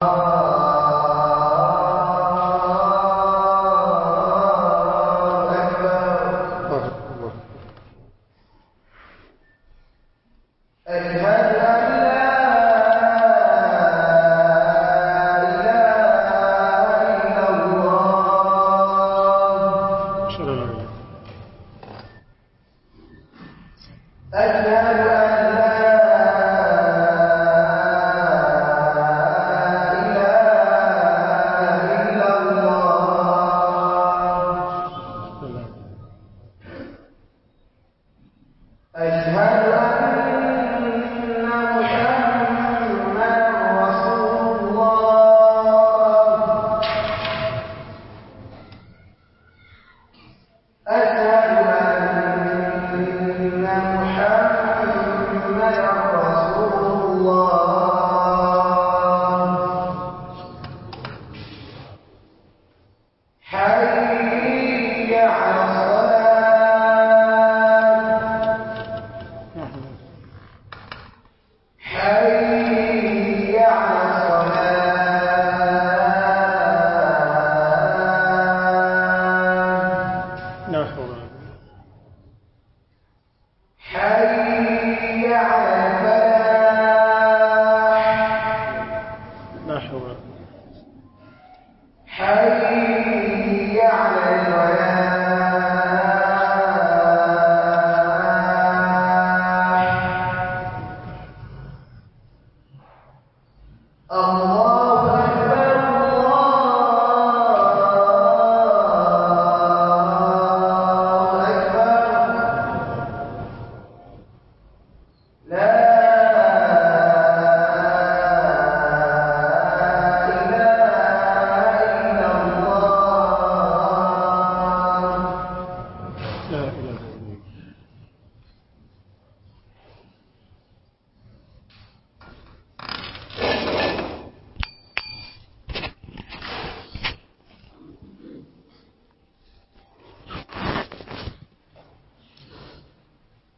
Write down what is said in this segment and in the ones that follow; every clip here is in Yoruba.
啊。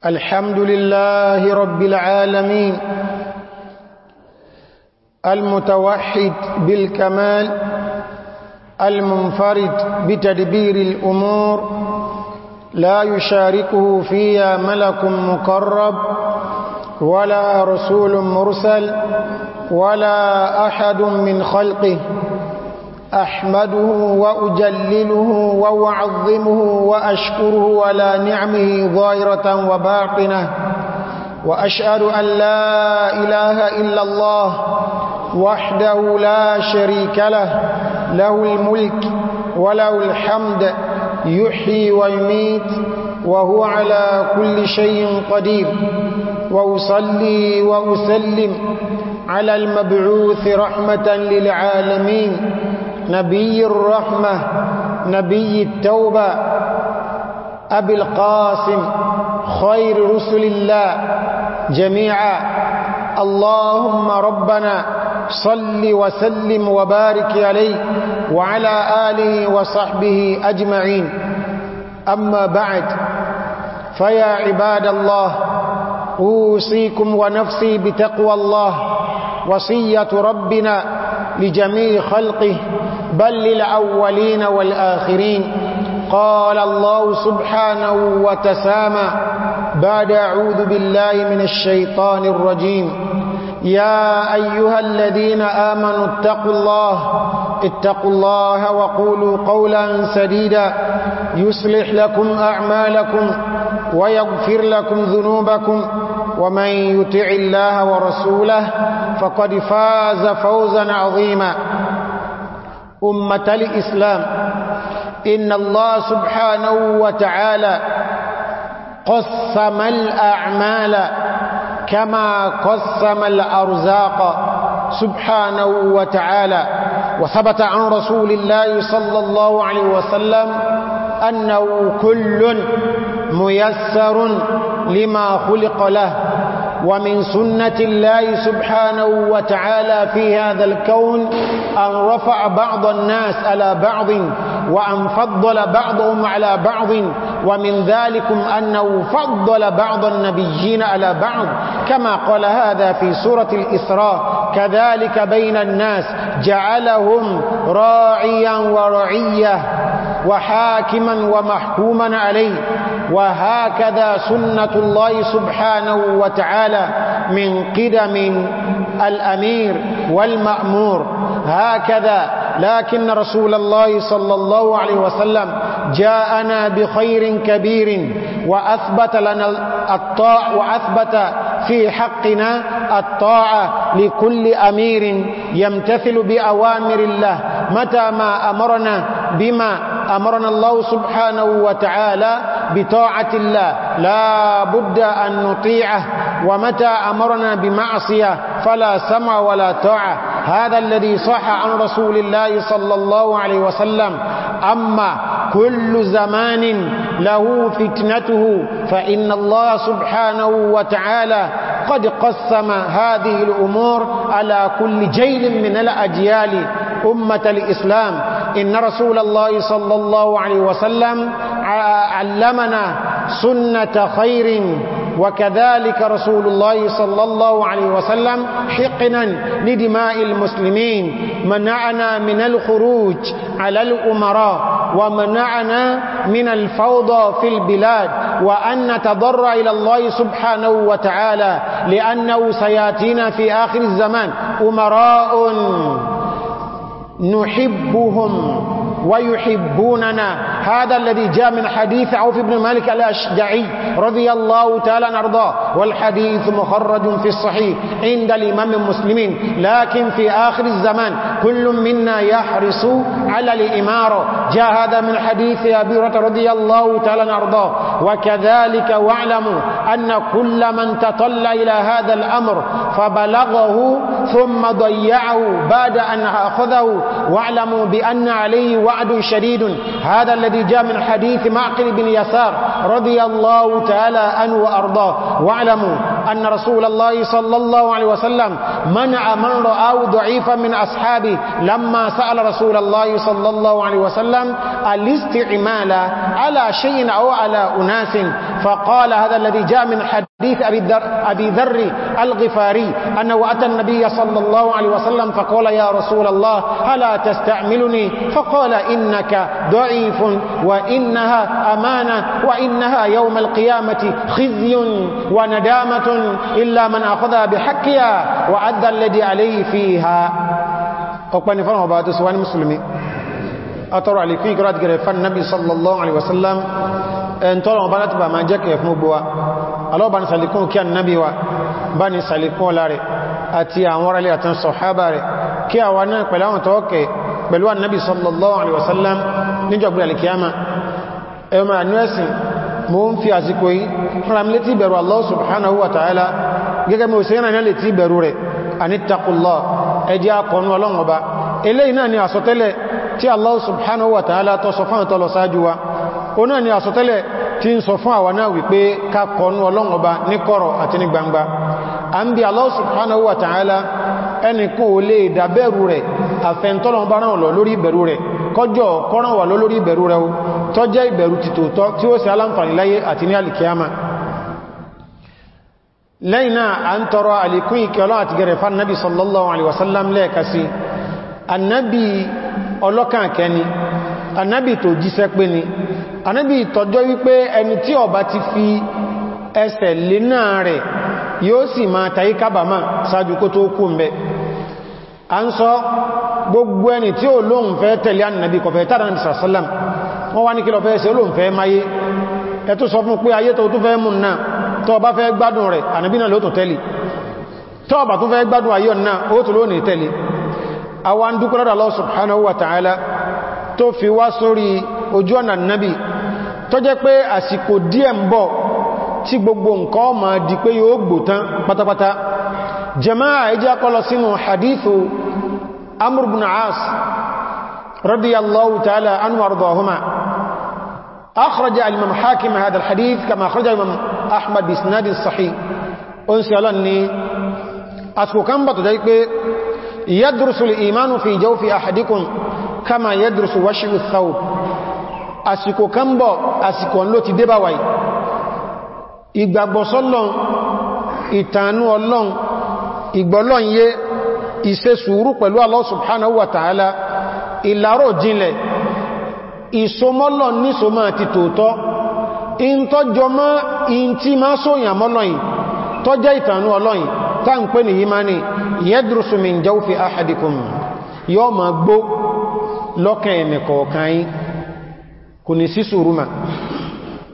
الحمد لله رب العالمين المتوحد بالكمال المنفرد بتدبير الأمور لا يشاركه فيها ملك مقرب ولا رسول مرسل ولا أحد من خلقه أحمده وأجلله وأعظمه وأشكره على نعمه ظاهرة وباطنة وأشهد أن لا إله إلا الله وحده لا شريك له له الملك وله الحمد يحيي ويميت وهو على كل شيء قدير وأصلي وأسلم على المبعوث رحمة للعالمين نبي الرحمة نبي التوبة أبي القاسم خير رسل الله جميعا اللهم ربنا صل وسلم وبارك عليه وعلى آله وصحبه أجمعين أما بعد فيا عباد الله أوصيكم ونفسي بتقوى الله وصية ربنا لجميع خلقه بل للأولين والآخرين قال الله سبحانه وتسامى بعد أعوذ بالله من الشيطان الرجيم يا أيها الذين آمنوا اتقوا الله اتقوا الله وقولوا قولا سديدا يصلح لكم أعمالكم ويغفر لكم ذنوبكم ومن يطع الله ورسوله فقد فاز فوزا عظيما أمة الإسلام إن الله سبحانه وتعالى قسم الأعمال كما قسم الأرزاق سبحانه وتعالى وثبت عن رسول الله صلى الله عليه وسلم أنه كل ميسر لما خلق له ومن سنة الله سبحانه وتعالى في هذا الكون أن رفع بعض الناس على بعض وأن فضل بعضهم على بعض ومن ذلكم أنه فضل بعض النبيين على بعض كما قال هذا في سورة الإسراء كذلك بين الناس جعلهم راعيا ورعية وحاكما ومحكوما عليه وهكذا سنة الله سبحانه وتعالى من قدم الأمير والمأمور هكذا لكن رسول الله صلى الله عليه وسلم جاءنا بخير كبير وأثبت لنا الطاع وأثبت في حقنا الطاعة لكل أمير يمتثل بأوامر الله متى ما أمرنا بما أمرنا الله سبحانه وتعالى بطاعة الله لا بد أن نطيعه ومتى أمرنا بمعصية فلا سمع ولا طاعة هذا الذي صح عن رسول الله صلى الله عليه وسلم أما كل زمان له فتنته فإن الله سبحانه وتعالى قد قسم هذه الأمور على كل جيل من الأجيال أمة الإسلام إن رسول الله صلى الله عليه وسلم علمنا سنة خير وكذلك رسول الله صلى الله عليه وسلم حقنا لدماء المسلمين منعنا من الخروج على الأمراء ومنعنا من الفوضى في البلاد وأن نتضرع إلى الله سبحانه وتعالى لأنه سياتينا في آخر الزمان أمراء نحبهم ويحبوننا هذا الذي جاء من حديث عوف بن مالك الأشجعي رضي الله تعالى نرضاه والحديث مخرج في الصحيح عند الإمام المسلمين لكن في آخر الزمان كل منا يحرص على الإمارة جاء هذا من حديث أبي هريرة رضي الله تعالى نرضاه وكذلك واعلموا أن كل من تطلع إلى هذا الأمر فبلغه ثم ضيعه بعد أن أخذه واعلموا بأن عليه وعد شديد هذا الذي الذي جاء من حديث معقل بن يسار رضي الله تعالى عنه وأرضاه واعلموا أن رسول الله صلى الله عليه وسلم منع من رآه ضعيفا من أصحابه لما سأل رسول الله صلى الله عليه وسلم الاستعمال على شيء أو على أناس فقال هذا الذي جاء من حديث أبي, أبي ذر الغفاري أنه أتى النبي صلى الله عليه وسلم فقال يا رسول الله هلا تستعملني فقال إنك ضعيف وإنها أمانة وإنها يوم القيامة خزي وندامة إلا من أخذها بحقها وعد الذي عليه فيها أقبل نفرنا وبعد سواني مسلمي أترى عليكم قرأت قرأت النبي صلى الله عليه وسلم أن ترى وبعد ما جاك يفمبوا الله بان سألكم كي النبي وبان سألكم لاري àti àwọn ará ilé àtàn sọ̀hábà rẹ̀ kí àwọn náà pẹ̀lú àwọn tọ́ọ̀kẹ̀ pẹ̀lú annabi sallallahu alaihi wasallam níjọ̀gbìyànlẹ̀ kìyàmà ẹ̀mà ní ẹ̀sìn mo ń fi àsìkò yìí rán létí ìbẹ̀rù Allah subhanahu wa ta'ala gẹ́gẹ́ mo ṣe rán létí ìbẹ̀rù rẹ̀ anítàkùlọ ẹjẹ́ akọ̀nù ọlọ́run ọba eléyìí náà ni àsọtẹ́lẹ̀ tí Allah subhanahu wa ta'ala tó sọ fún àtọ́lọ sáájú wa o náà ni àsọtẹ́lẹ̀ tí ń sọ fún àwa náà wípé ká kọ̀nù ọlọ́run ọba ní kọ̀rọ̀ tó jẹ́ ìbẹ̀rù ti tòótọ́ tí ó sì aláǹfààní láyé àti ní alìkíyàmà lẹ́yìn náà a ń tọrọ àlékún ìkẹ́ Ọlọ́run àti gẹ̀rẹ̀ fán nábi sallallahu alaihi wasallam lẹ́ẹ̀kasí annabi ọlọ́kàn kẹni annabi tó jíṣẹ́ pé ni annabi tọjọ́ wípé ẹni tí ó bá ti fi ẹsẹ̀ lé náà rẹ̀ a ń sọ gbogbo ẹni tí ó lóhun fẹ́ tẹ̀lé annabi kọfẹ́ tàbí sallallahu wọ́n wá ní kílọ̀ fẹ́ ṣe olóòn fẹ́ máyé ẹ tó sọ fún pé ayé tó tó fẹ́ mú náà tó bá fẹ́ gbádùn rẹ̀ ànábì náà ló tó tẹ́lì tó bá tó fẹ́ gbádùn ayé náà ó tó lónìí tẹ́lì àwa ń dúkọ́ lọ́dọ̀ Allah subhanahu wa ta'ala tó fi wá sórí ojú ọ̀nà nábì tó jẹ́ أخرج الإمام حاكم هذا الحديث كما أخرج الإمام أحمد بإسناد الصحيح. أنسي الله أسكو أسوكم بطجيك يدرس الإيمان في جوف أحدكم كما يدرس وشع الثوب أسكو kan bọ̀ àsìkò ló ti dé bá wáyé اللون s'Ọlọ́run ìtànú Ọlọ́run ìgbọ́lọ́n سبحانه وتعالى إلا pẹ̀lú Allah ìsomọ́lọ̀ nísomọ́ àti tòótọ́ in tó jọmọ́ in tí máa sóyàn mọ́lọ́yìn tó jẹ́ ìtànú ọlọ́yìn tá ń pè ní ìmáni yadrusu min jawfi ahadikum yóò máa gbó lọ́kàn ẹ̀mẹ̀ kọ̀ọ̀kan yín kò ní sí sùúrùmà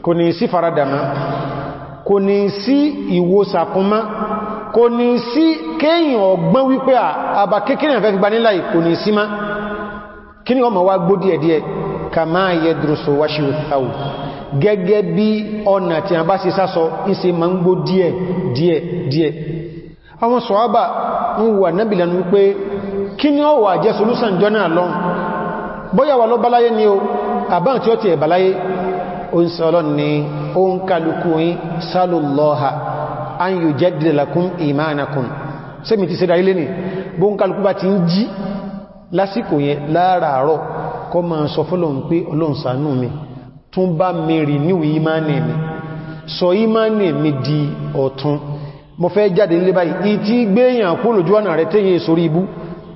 kò ní sí faradàmá kò ní sí ìwòsàkúnmá kò ní kí ni ọmọ wa gbó díẹ̀díẹ̀ kàmá yẹdùrùsù wáṣí òtàwò gẹ́gẹ́ bí ọ̀nà tí a bá sì sásọ ìse ma ń gbó díẹ̀ díẹ̀ díẹ̀ àwọn sọ̀hábà ń wà nábìlànú wípé kí ni ó wà jẹ́ solúsàn jọ́nà lọ́n bóyá wà lọ báláyé ni o àbáhùn tí ó ti ẹ̀ o ń sọ́lọ́ ni ó ń kálukú kọ́ máa sọ fọ́lọ̀ ń pé ọlọ́run ṣàánú mi tún bá mẹ́rì níwì ìmánì mi sọ ìmánì mi di ọ̀tún mo fẹ́ jáde nílé báyìí ìtí gbéyàn kó lójú ọ̀nà rẹ̀ tẹ́yẹ sórí ibú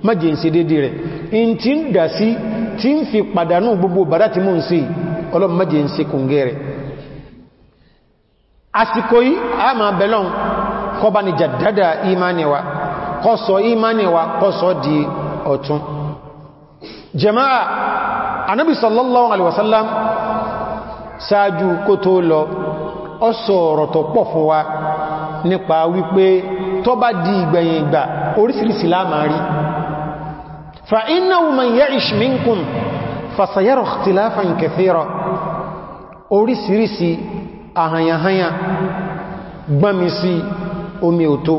májè ń ṣe dédé rẹ̀ in ti ń dà sí tí ń fi pàdánù gbogbo bàdá tí mò ń ṣe ọlọ́run kùngẹ́ rẹ̀ àsìkò yìí a máa bẹ̀lọ́n kọ́ bá ni jàdádà ìmánì wa kọ́ sọ ìmánì wa kọ́ sọ di ọ̀tún jama'a anabi sallallahu alaihi wasallam ṣáájú kó tó lọ ọ sọ̀rọ̀ tó pọ̀ fún wa nípa wípé tó bá di ìgbẹ̀yìn ìgbà orísìírísìí lámàárí fa innahu man ya'ish minkum fasayara ikhtilafan kathira orísìírísìí ahanyahanya gbámi sí omi òtó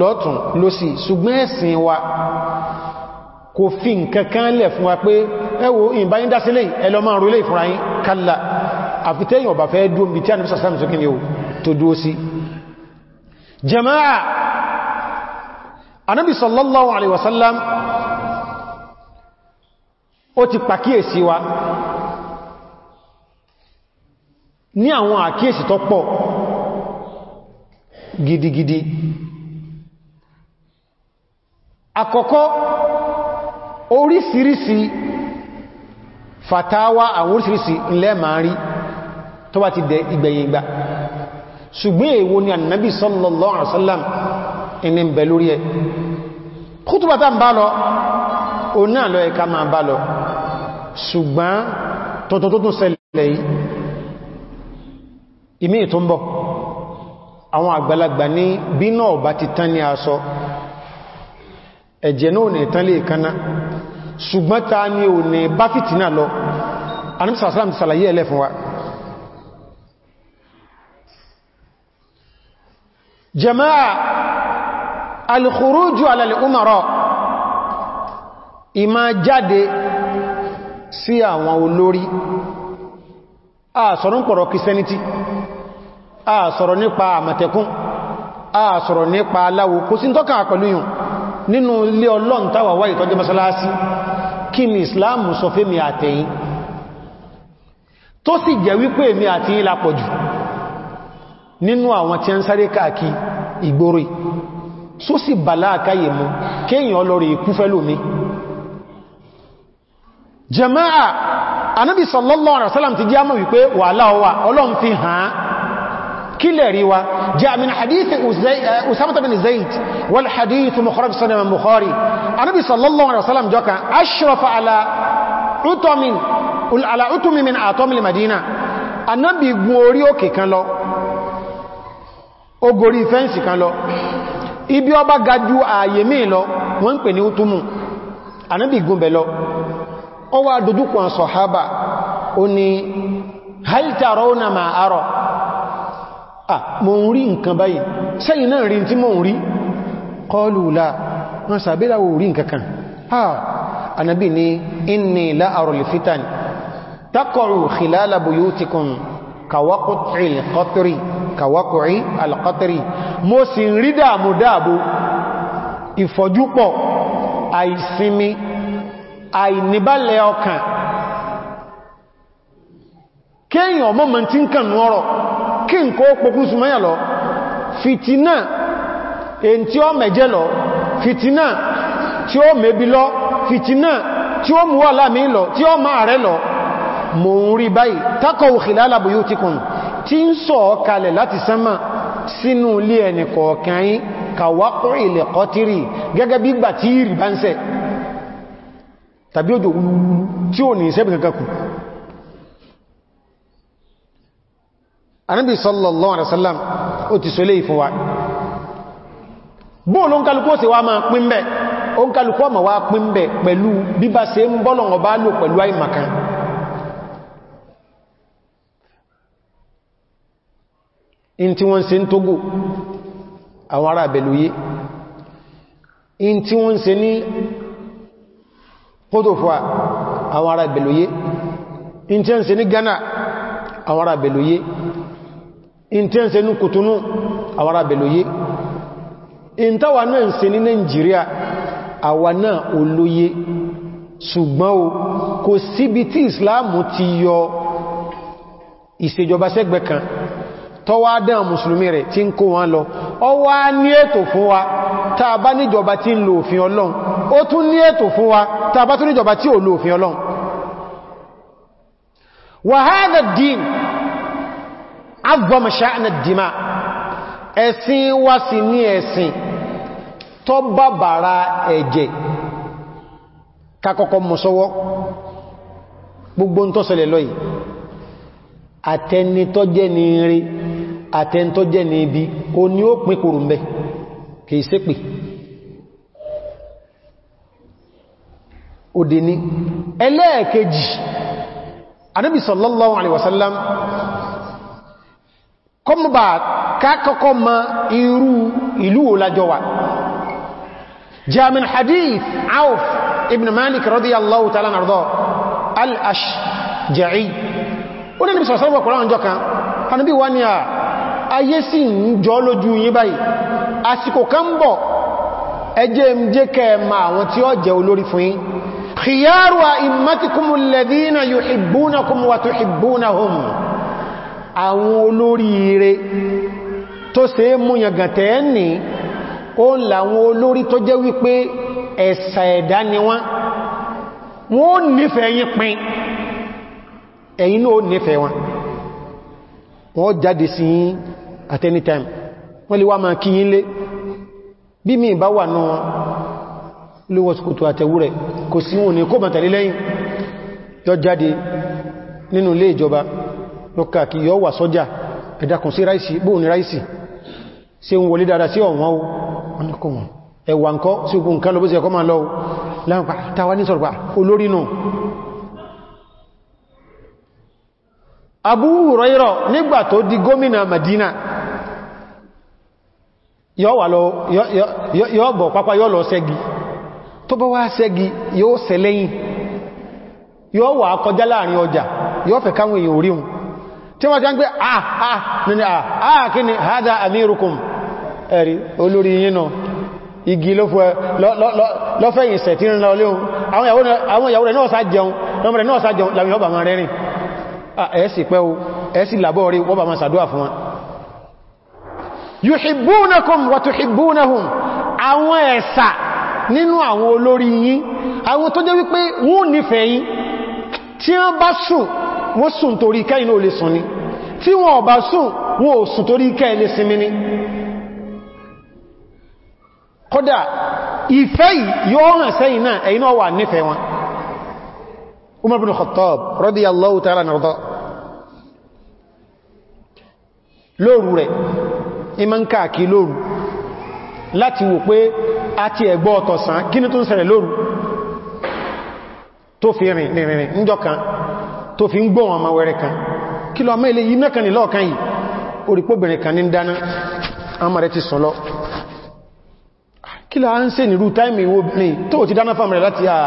lọ́tún lọ́sí ṣùgbọ́n ẹ̀sìn wa kò fi nǹkan kan lẹ̀ fún wa pé ẹwọ ìbá yí dásílẹ̀ ẹlọ máa rúlé ìfúnra yí kalla àfitẹ́yìn ọ̀bà fẹ́ dúó bí tí a ní sàsàmì tó kíni o tó dúó sí jama'a anábi sallallahu gidigidi àkọ́kọ́ orísìírísìí fatawa àwọn orísìírísìí ilẹ̀ máa rí tó bá ti dẹ ìgbẹ̀yìn ìgbà ṣùgbọ́n èwo ni annabi sallallahu alaihi wasallam ẹni bẹ̀ lórí ẹ kútùbátà ń bá lọ o náà lọ ẹka máa bá lọ ṣùgbọ́n tọ́tọ́tọ́tún ṣẹlẹ̀ àwọn àgbàlagbà ní bí náà bá ti tán ní aṣọ ẹ̀jẹ̀ náà ní ìtán lè ṣùgbọ́n ta ni ò ní bá fìtínà lọ anúbísàsílámi sàlàyé ẹlẹ́ fún wa jama'a alkhuruju ala al-umara ìmá jáde sí àwọn olórí a sọ̀rọ̀ ń pọ̀rọ̀ kìsẹ́nítì a sọ̀rọ̀ nípa àmọ̀tẹ̀kún a sọ̀rọ̀ nípa aláwo kò sí tọ́kà pẹ̀lú yùn nínú ilé ọlọ́ntàwà wáyé tọ́jẹ́ masalasi kí ni islam sọ fẹ́ mi àtẹ̀yìn tó sì jẹ́ wípé èmi àti yín lápọ̀jù nínú àwọn tí ń sáré káàkì ìgbórí só sì bàlá àkáyè mú kéèyàn lórí ikú fẹ́ lómi jama'a anábi sallallahu alaihi wasallam ti jẹ́ àmọ́ wípé كلا روا جاء من حديث أسامة بن زيد والحديث مخرج سنة من بخاري النبي صلى الله عليه وسلم جاء أشرف على أتم على أتم من أتم المدينة النبي gorí òkè kan lọ ó gorí fẹ́ǹsì kan lọ ibi ọba gajú ààyè míì lọ wọ́n ń pè ní útúmù ànábì gúnbẹ̀ lọ ó wá dojúkọ̀ sọ̀hábà ó ní hal tarawna ma ara ah mo ń rí nǹkan báyìí sẹ́yìn náà rí tí mo ń rí kọlùlá wọn sàbílá wò rí nǹkankan ah anábì ni inni la arul fitan taqa'u khilala buyutikum kawaqti al-qatri mo sì ń rí dáàmù dáàbò ìfọ̀júpọ̀ àìsinmi àìníbálẹ̀ ọkàn kéèyàn ọmọ tí ń kàn nú ọ̀rọ̀ kí nkó pokún súnmọ́yà lọ fìtínà èyí tí ó mẹ̀jẹ́ lọ fìtínà tí ó mẹ́bí lọ fìtínà tí ó mú wà láàmì lọ tí ó máa rẹ lọ mò ń rí báyìí takọ̀ òkèlá alábòyó ti kùn tí ń sọ kalẹ̀ láti sánmà sínú ilé ẹni kọ̀ọ̀kan yín ilẹ̀ kọtírì gẹ́gẹ́ bí gbà tí ìrì bá ń sẹ̀ tàbí òjò tí ò ní ìṣẹ́bì kankan kù anábì sallallahu alaihi wasallam ó ti sọ léyìí fún wa bóòlù ń kálukú sí wá máa pín bẹ́ ó ń kálukú ọmọ wá pín bẹ́ pẹ̀lú bíbá se ń bọ́lọ̀ ọba lò pẹ̀lú àìmàkan in tí wọ́n ṣe ń Tógò àwọn ará bẹ̀lúyé in tí wọ́n ṣe ní kótòfà àwọn ará bẹ̀lúyé in tí wọ́n ṣe ní Ghana àwọn ará bẹ̀lúyé in tí ń awara ní kòtònú àwárá belóyé in táwà náà ń ṣe ní Nigeria àwa náà olóyé ṣùgbọ́n o kò síbi tí Islamu ti yọ ìṣèjọba sẹ́gbẹ̀ kan tọ́wàá dán mùsùlùmí rẹ̀ tí ń kó wọn lọ ọ wá ní ètò fún wa tàà níjọba tí ń lo òfin Ọlọ́run ó tún ní ètò fún wa tàà tún níjọba tí ò lo òfin Ọlọ́run agbọmọ ṣáàna dìmá ẹ̀sìn wá sí ní ẹ̀sìn tó bàbàrà ẹ̀jẹ̀ kakọ́kọ́ mọ̀sọ́wọ́ gbogbo ń tọ́sẹ̀lẹ̀ lọ́yìí àtẹni tó jẹ́ ní rí àtẹni tó jẹ́ ní ibi o ní ó pín kòrò mẹ́ kìí sépè òdè ní ẹlẹ́ẹ̀kejì anábì sallallahu alaihi kọmọba kákọ́kọ́ ma irú ìlú olájọwà jamin hadith Auf ibn Malik radiyallahu ta'ala nardo al-Ashja'i ó ní níbi sọ̀rọ̀sọ́rọ̀ pọ̀lọ́wọ́n jọ kan hannibí wá ní à ayé sì ń jọ lójú yín báyìí àsìkò kan bọ̀ ẹjẹ́ mjẹ́ kẹ́ẹ̀mà àwọn tí ó jẹ́ olórí fún yín khiyaru a'immatikumul ladhina yuhibbunakum wa tuhibbunahum àwọn olórí ire tó ṣe é mú yàngàtẹ̀ ẹni ó ń làwọn olórí tó jẹ́ wípé ẹ̀sà ẹ̀dá ni wọ́n wọ́n nífẹ̀ẹ́ yín pin ẹ̀yin náà nífẹ̀ẹ́ wọn wọ́n jáde sí yín at any time wọ́n lè wá máa kí yín lé bí mi bá wà náà lówọ́ sùkòtò àtẹ̀wú kò sí wọn ní kó bàtàlélẹ́yìn yọ jáde nínú ilé ìjọba lọ́kà kí yọ wà sọ́jà ẹ̀dàkùn sí ráìsì bóò ní ráìsì sí ń wọlé dára sí ọ̀wọ́n o ọ̀nàkùnwọ̀n ẹ̀wà ǹkọ́ sí ogun nǹkan lọ bó sí ẹ̀kọ́ máa lọ láàpá tàwà ní sọ̀rọ̀pá olórí nù Abu Hurairah nígbà tó di gómìnà Madina yọ́ bọ̀ pápá yọ́ lọ sẹ́gi tó bọ́ wá sẹ́gi yóò sẹ́lẹ́yìn yóò wà kọjá láàrin ọjà yóò fẹ́ káwọn èèyàn orí hun tí wọ́n ti ń gbé àà nínú àà kí ni hádá àmírùkùn ẹ̀rí olórí yínà igi lọ́fẹ́ ìsẹ̀ tí ń lọ léhun àwọn ìyàwó rẹ̀ náà sá jẹun lọ́mọ rẹ̀ náà sá jẹun láwọn ọba máa rẹ́rìn ah, ẹ̀ẹ́sì pẹ́ o ẹ̀ẹ́sì làbọ́ rí wọ́bà máa sàdúwà fún wọn yuhibbunakum wa tuhibbunahum àwọn ẹ̀sà nínú àwọn olórí yín àwọn tó jẹ́ wípé wọ́n nífẹ̀ẹ́ yín tí wọ́n bá sùn wọ́n sùn torí kẹ́ inú olè sùn ni tí wọ́n ọ̀bá sùn wọ́n ò sùn torí kẹ́ ilé sinmi ni kódà ìfẹ́ yóò hàn sẹ́yìn náà ẹ̀yìn náà wà nífẹ̀ẹ́ wọn Umar bin Khattab radiyallahu ta'ala nàrọ́dọ́ lóòrù rẹ̀ ìmọ̀ ń káàkiri lóòrù láti wò pé a ti ẹ̀gbọ́ ọ̀tọ̀sán kí ní tó ń ṣẹlẹ̀ lóòrù tó fi rìn rìnrìn níjọ́ kan tó fi ń gbọ́ wọn ma wẹ́rẹ́ kan kí lọ mẹ́lẹ̀ yìí mẹ́kan ní lọ́ọ̀kan yìí orípóbìnrin kan ní dáná àmà rẹ̀ ti sọ́lọ́ kí lọ ń se nìrú táìmì wo ní tó ti dáná fàmì rẹ̀ láti àà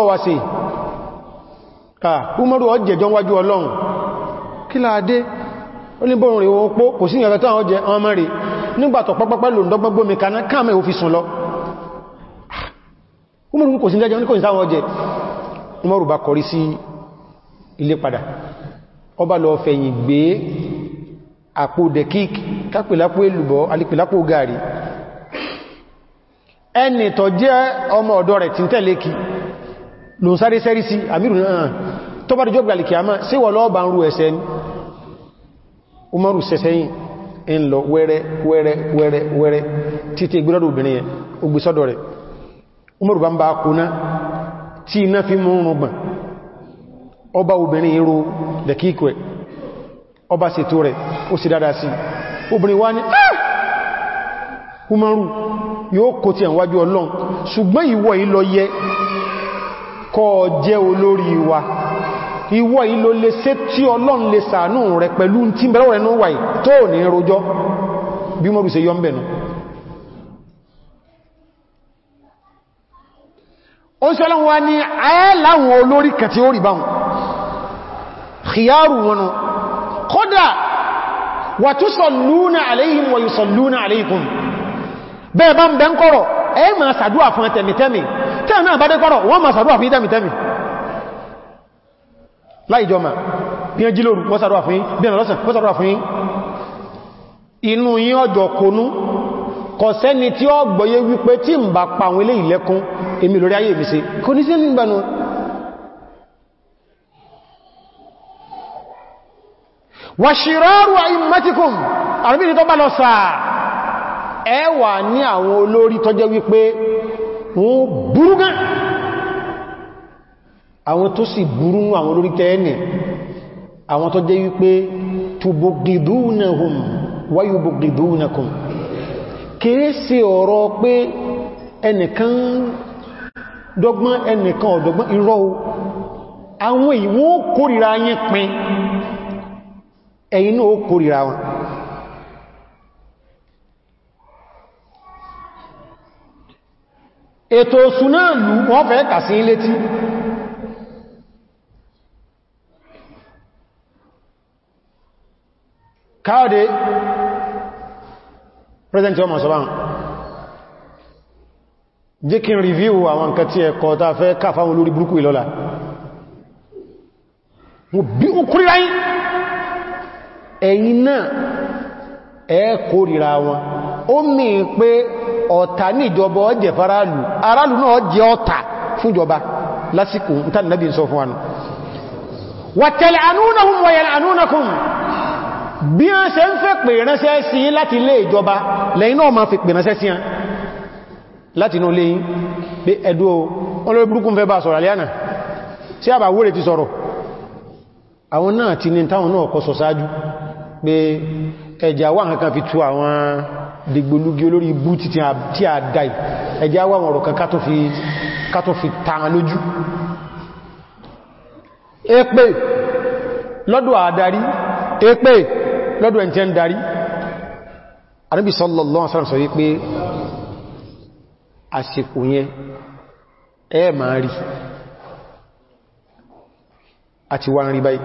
ó wá sí umaru ọjẹ̀jọ́ wájú ọlọ́run kí lọ adé ó ní bọ́rùn rẹ̀ wọ́n pó kò sí ìyàfẹ́ tó àwọn ọjẹ́ ọmọ rẹ̀ nígbàtọ̀ pápápá lò ńdọ́gbọ́gbómi ah, umaru kò sí ìdájọ́ ní kò umaru bá kọrí sí ilé padà ọba lọ fẹ̀yìn gbé àpò dekik kápìlápò èlùbọ́ alìpìlápò gàrí ẹni tó jẹ́ ọmọ ọ̀dọ́ rẹ̀ tí ń tẹ̀lé kí ló ń sáré sẹ́rí sí àmìrù náà tó bá dìjọ́ gbàlìkì àmá sí wọ́n lọ́ọ̀bà ń lọ wẹ́rẹ́ ọba obìnrin irú dẹ̀kíkọ̀ ẹ̀ ọba ṣètò rẹ̀ ó sì dáadáa sí obìnrin wá ní ah! umaru yóò kò tí ẹ̀wájú ọlọ́n ṣùgbọ́n ìwọ ìlọ yẹ kọ́ jẹ́ olórí wa ìwọ ìlọ lè ṣe tí ọlọ́n lè sàánú rẹ̀ pẹ̀lú tí bẹ̀rẹ̀ rẹ̀ níwà tó ní rojọ́ ó ń sọ́lọ́wọ́ ní ayẹ́ láwọn olórí kàtí ó rí báhùn khiyaru wọnú kódà wà tó sọ̀lúnà aléyìn wà yóò sọ̀lúnà aléyìnkùn bẹ́ẹ̀ bá ń bẹ́ ń kọ́rọ̀ ẹ ma sàdúwà fún tẹ̀mìtẹ́mì tẹ́ẹ̀ náà bá dé kọ́rọ̀ wọ́n ma sàdúwà fún tẹ̀mìtẹ́mì láìjọma bí ẹn jílòrù wọ́n sàdúwà fún bí ẹn lọ́sàn wọ́n sàdúwà fún inú yí ọjọ́ wà ṣìrọ́rù àìmọ́tíkùn àrùbí tó bá lọ sáà ẹ wà ní àwọn olórí tó jẹ́ wípé wọ́n burú gan àwọn tó sì burú nú àwọn olórí tẹ́ẹ̀nì àwọn tó wípé tubogidúnahum wáyubogidúnakum kìí sí ọ̀rọ̀ pé ẹnìkan ẹ̀yìn náà ó kórìíra wọn ètò òsùnà lù wọ́n fẹ́ kà sí létí káàdé president ọmọ sọ́bá jẹ́ kí n review àwọn nǹkan tí ẹ̀kọ́ ta fẹ́ káfà wọn lórí burúkú ìlọ́la mo bí ó kúrí ráyìí ẹ̀yin náà ẹ kórìíra wọn ó mì pé ọ̀tá ní ìjọba ọjẹ̀ farálù arálù náà jẹ ọ̀tá fúnjọba lásìkò ìtànàbí sọ fún wọn wàtẹ̀lẹ̀ anúnahùn wọ̀yẹ̀lẹ̀ anúnakùn bí wọ́n ṣe ń fẹ́ pè ránṣẹ́ sí láti ilé ìjọba lẹ́yìn náà ma ti sọ̀rọ̀ àwọn náà ti ní táwọn náà kọ sọ sáájú pé ẹjà wà nǹkan fi tú àwọn dìgbòlúgí olórí ibú títí tí a dáì ẹjà wà wọn ọ̀rọ̀ kan ká tó fi tàà lójú èpè lọ́dọ̀ àdarí èpè lọ́dọ̀ ẹ̀ntẹ́ ń darí Ànábì sallallahu alaihi wasallam sọ wípé àsìkò yẹn ẹ máa rí àti wà ń rí báyìí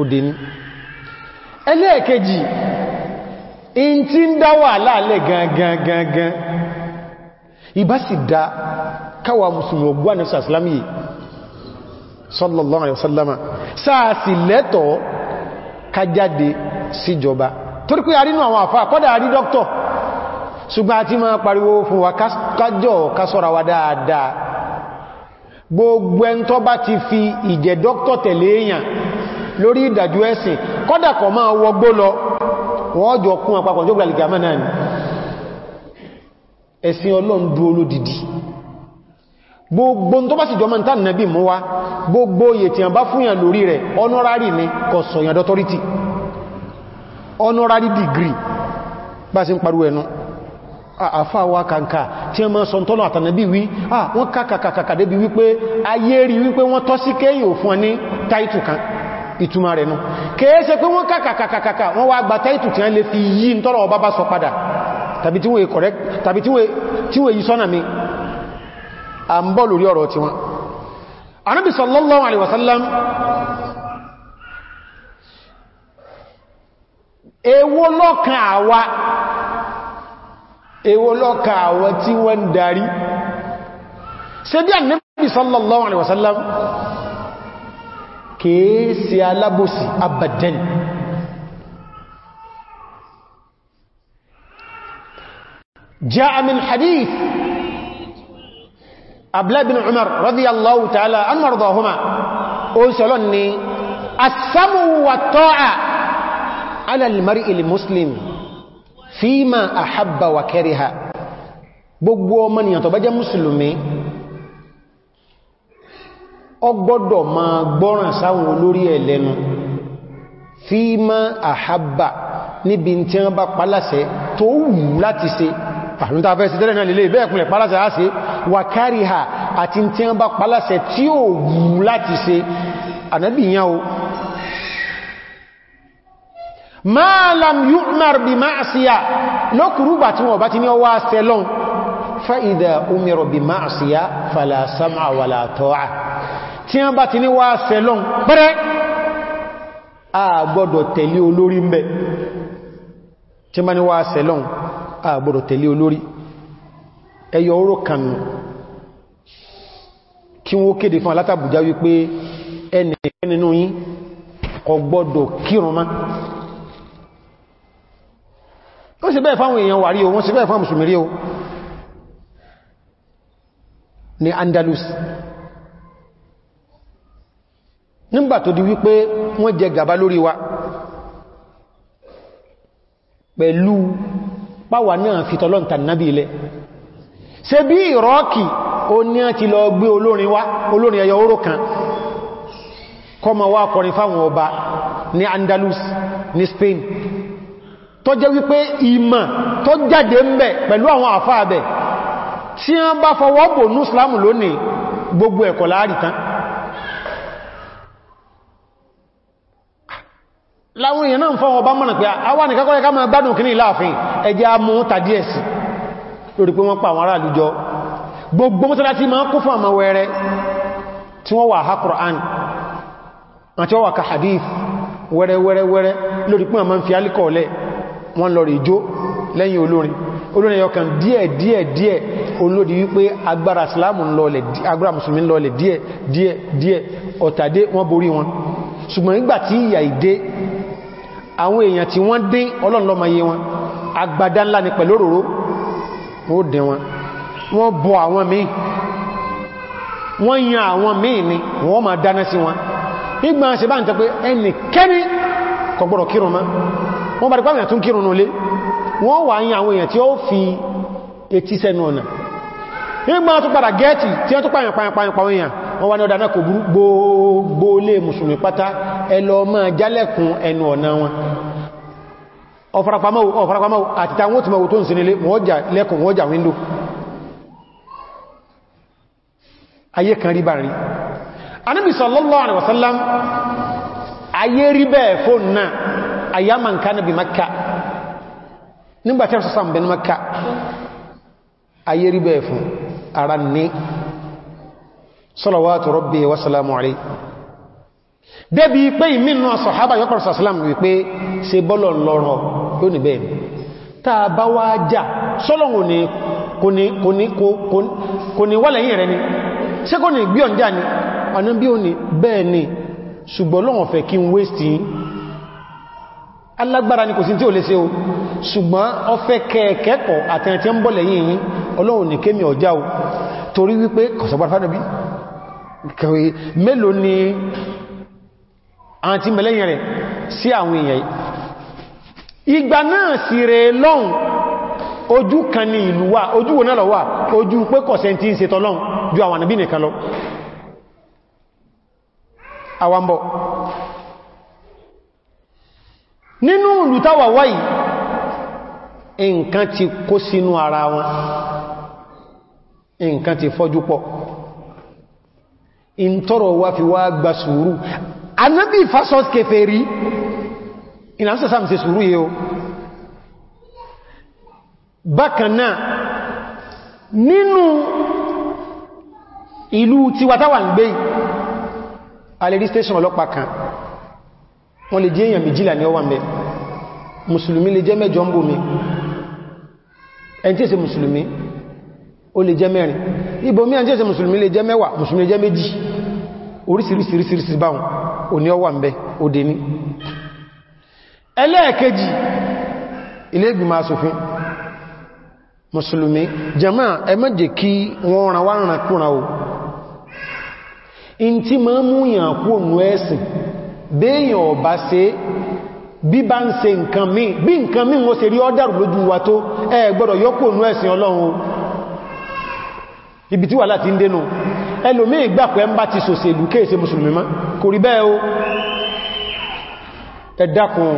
ó dé ẹlẹ́ẹ̀kejì in ti ń dá wà láàlẹ̀ gangan ìbá sì dá káwà musulmi ọgbà ní sàásìlámì sallallahu alaihi wasallama sáàsì lẹ́tọ̀ kájáde síjọba torí pé arínú àwọn àfá kọ́dà àrí dọ́kítọ̀ ṣùgbọ́n àti máa pariwo fún wa kájọ kásọ́ra wa dáadáa gbogbo ẹntọ́ bá ti fi ìjẹ́ dọ́kítọ̀ tẹ̀lé èèyàn lórí ìdàjú ẹ̀sìn kọ́dàkọ̀ máa wọgbó lọ wọ́n jọ kún àpapọ̀ jọ gbàlìgà mẹ́ náà ni ẹ̀sìn ọlọ́run dúó lódìdí gbogbo tó bá sì jọ mọ́ntán nàbí mú wá gbogbo yẹ̀tìyàn bá fúnyàn lórí rẹ̀ honorary ni kò sọ̀yàn dọ́tọ́rítì honorary degree bá sí ń parú ẹnu àfáwà kànkà tí wọ́n máa sọ̀tọ́nà àtànàbí wí ah wọ́n kàkàkàkàdé bí wípé ayé rí wípé wọ́n tọ́ sí kéyìn òfún ọ ní táìtù kan ìtumà rẹ̀ nù kèése pé wọ́n kàkàkàkàkà wọ́n wá gbà táìtù tí a lè fi yí ń tọ́rọ ọba bá sọ padà tàbí tí wọ́n yí sọ́nà mi a ń bọ́ lórí ọ̀rọ̀ tí wọ́n anábì sallallahu alaihi wasallam kìí sí alábòsí abadan جاء من حديث أبلا بن عمر رضي الله تعالى أن مرضاهما أرسلني السمو والطاعة على المرء المسلم فيما أحب وكره gbogbo ọmọ nìyàn tó ọgbọ́dọ̀ ma gbọ́ràn sáwọn olórí ẹlẹ́nu fi ma àhábà níbi tí wọ́n bá pàlásẹ tó wù láti ṣe àrùn tàbí ẹsẹ̀ tẹ́lẹ̀ náà lè bẹ́ẹ̀ kúnlẹ̀ pàlásẹ á ṣe wà kárí ha àti tí wọ́n bá pàlásẹ tí ó wù láti ṣe ànábìyàn tí wọ́n bá ti ní wá sẹlọ́n pẹ́rẹ́ a gbọ́dọ̀ tẹ̀lé olórí ń bẹ tí wọ́n bá ní wá sẹlọ́n a gbọ́dọ̀ tẹ̀lé olórí ẹyọ oró kànù kí wọ́n kéde fún alátàbùjá wípé ẹni nínú yín kò gbọ́dọ̀ kírun má ó sì Andalus nígbà tó di wípé wọ́n jẹ gàba lórí wa pẹ̀lú páwà náà fi tọ́lọ́ntà náàbí ilẹ̀ ṣe bí ìrọ́ọ̀kì ó ní a ti lọ gbé olórin wá olórin ẹyọ oró kan kọmọ wá kọrin fáwọn ọba ní Andalus ní Spain tó jẹ́ wípé ìmọ̀ tó jáde ń bẹ̀ pẹ̀lú àwọn àfáà bẹ̀ tí wọ́n bá fọwọ́ bò ní Islam lónìí gbogbo ẹ̀kọ́ láàrí tán láwọn èèyàn náà fọ́wọ́ bá mọ̀nà pé àwọn nìkẹ́kọ́ ẹka máa gbádùn kìí láàfin ẹjẹ́ amú tàbí ẹ̀sì lórí pé wọ́n pa àwọn ará àlújọ gbogbo mọ́sálásí máa kún fún àmàwẹ̀ẹ́rẹ́ tí wọ́n wà ha Qur'an àti wọ́n wà ka hadith wẹ́rẹ́wẹ́rẹ́wẹ́rẹ́ lórí pé àmà ń fi alíkọ̀ọ́lẹ̀ wọ́n lọ rí jó lẹ́yìn olórin olórin ẹyọkan díẹ̀ díẹ̀ díẹ̀ olódi wípé agbára islamu lọlẹ̀ agbára musulmi lọlẹ̀ díẹ̀ díẹ̀ díẹ̀ ọ̀tàdé wọ́n borí ìyà ìdé àwọn èèyàn tí wọ́n dín ọlọ́nlọ́mọye wọn agbádá ńlá ni pẹ̀lú òróró ó dín wọn wọ́n bọ àwọn míì wọ́n yan àwọn míì ni wọ́n máa dáná sí wọn nígbà ṣe bá ń tẹ́ pé ẹnikẹ́ni kò gbọ́dọ̀ kírun mọ́ wọ́n bá rí pàmìyàn tún kírun nulé wọ́n wà yan àwọn èèyàn wọ́n wá ní ọ̀dá náà kò gbogbo lè mùsùlùmí pátá ẹlọ máa jálẹ̀kùn ẹnu ọ̀nà wọn ọ̀farapamọ́ àti tàwọn òtùmọ̀ òtò ń sinilé wọ́n jà lẹ́kùn wọ́n wíńdò ayé kan rí bá rí Ànábì sallallahu alaihi wasallam ayé rí bẹ́ẹ̀ fóòn náà ayyama kana bi Makkah nígbàtí ẹ̀sọ́sàn bẹni Makkah ayé rí bẹ́ẹ̀ fún ara ní صلوات ربي وسلام عليه débi pé ìmínú sàhábà yọ́kọ̀rọ̀ sàsílám wípé ṣe bọ́lọ̀ lọ́rọ̀ yóò ní bẹ́ẹ̀ ta bá wá jà sọ́lọ̀wò ni kò ní wọ́lẹ̀ yìí rẹ̀ ni ṣe kò ní gbí ọ̀njá ni ọ̀nà bí ó ní bẹ́ẹ̀ ni ṣùgbọ́n lọ́wọ́n fẹ́ kí n wéṣtì alágbára ni kò sí tí ó lè ṣe o yìí ọlọ́run ní kémi ọjá o torí wípé kọ̀sọ̀gbàfánàbí kẹrì mélòó ni àwọn ti mẹ́lẹ́yìn rẹ̀ sí àwọn èèyàn ìgbà náà sí rẹ̀ lọ́un ojú kan ní ìlú wa ojú wo náà ojú pé kọ̀sẹ̀ tí ń ṣetọ́ lọ́un ju àwọn ànàbí nìkan lọ àwambọ̀ nínú ìlú táwà wáyìí nǹkan ti kó sínú ara wọn nǹkan ti fọ́jú pọ̀ ìntọ́rọ̀ wá fi wá gba sùúrù anábì fásọ́s kèfèrí ìlànsọ́ sáàmì sí sùúrù yíò bákanáà nínú ìlú tiwatawa ń gbé alérí station ọlọ́pàá kan wọ́n lè jẹ́ èèyàn méjìlá ní ọwà mẹ́ mùsùlùmí lè jẹ́ mẹ́jọ ń bò mi ẹni tí è ṣe mùsùlùmí o le jẹ́ mẹ́rin ibò mí àjẹ́sẹ̀ musulmi lè jẹ́ mẹ́wàá musulmi lè méjì orísìírísìírísìí báhùn ò ní ọwà mẹ́ òdè ní ẹlẹ́ẹ̀kejì ilé ìgbìmọ̀ asòfin mùsùlùmí jẹ́mà ẹmẹ́jẹ̀ kí wọ́n o in ma mú yàn kú ẹ̀sìn béèyàn ọ̀bá ṣe bí bá ń ṣe nǹkan mí bí nǹkan mí wọ́n ṣe rí ọ́dàrù lójú wa tó ẹ yọ́kù ẹ̀sìn ọlọ́run ibi tí wà láti ń dénú ẹlòmí ìgbàpẹ́ ń bá ti sòsèlú kéèsè musulmi má kò rí bẹ́ẹ̀ o ẹ dákun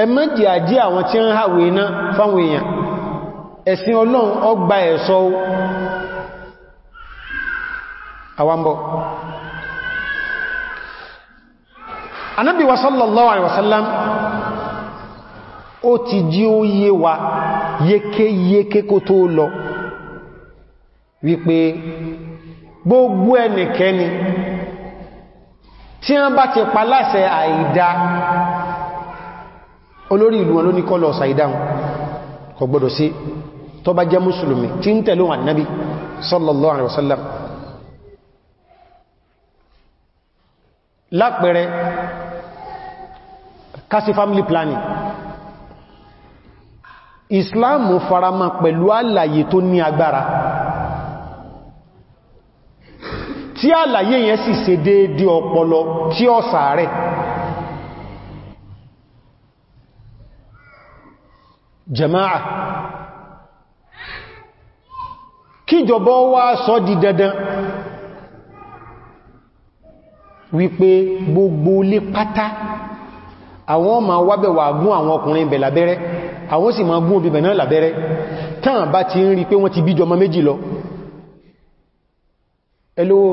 ẹ má jì àjí àwọn tí ń hàwé iná fáwọn èèyàn ẹ̀sìn ọlọ́run ọgbà ẹ̀ṣọ́ ti lọ wípé gbogbo ẹnikẹ́ni tí wọ́n bá ti paláṣẹ àìdá olórí ìlú wọn ló ní kọ́lọ̀ ṣàìdáhùn kò gbọdọ̀ sí tó bá jẹ́ mùsùlùmí tí ń tẹ̀lé wọn nábi sallallahu alaihi wasallam lápẹẹrẹ kasi family planning islam farama pẹ̀lú àlàyé tó ní agbára tí àlàyé yẹn sì ṣe déédé ọpọlọ tí ó sàárẹ̀ jama'a kíjọba wá sọ di dandan wípé gbogbo lé pátá àwọn ma wábẹ̀ wà gún àwọn ọkùnrin ibẹ̀ lábẹ́rẹ́ àwọn sì ma gún obìnrin náà lábẹ́rẹ́ tán bá ti ń rí pé wọ́n ti bíjọ ọmọ méjì lọ ẹlówó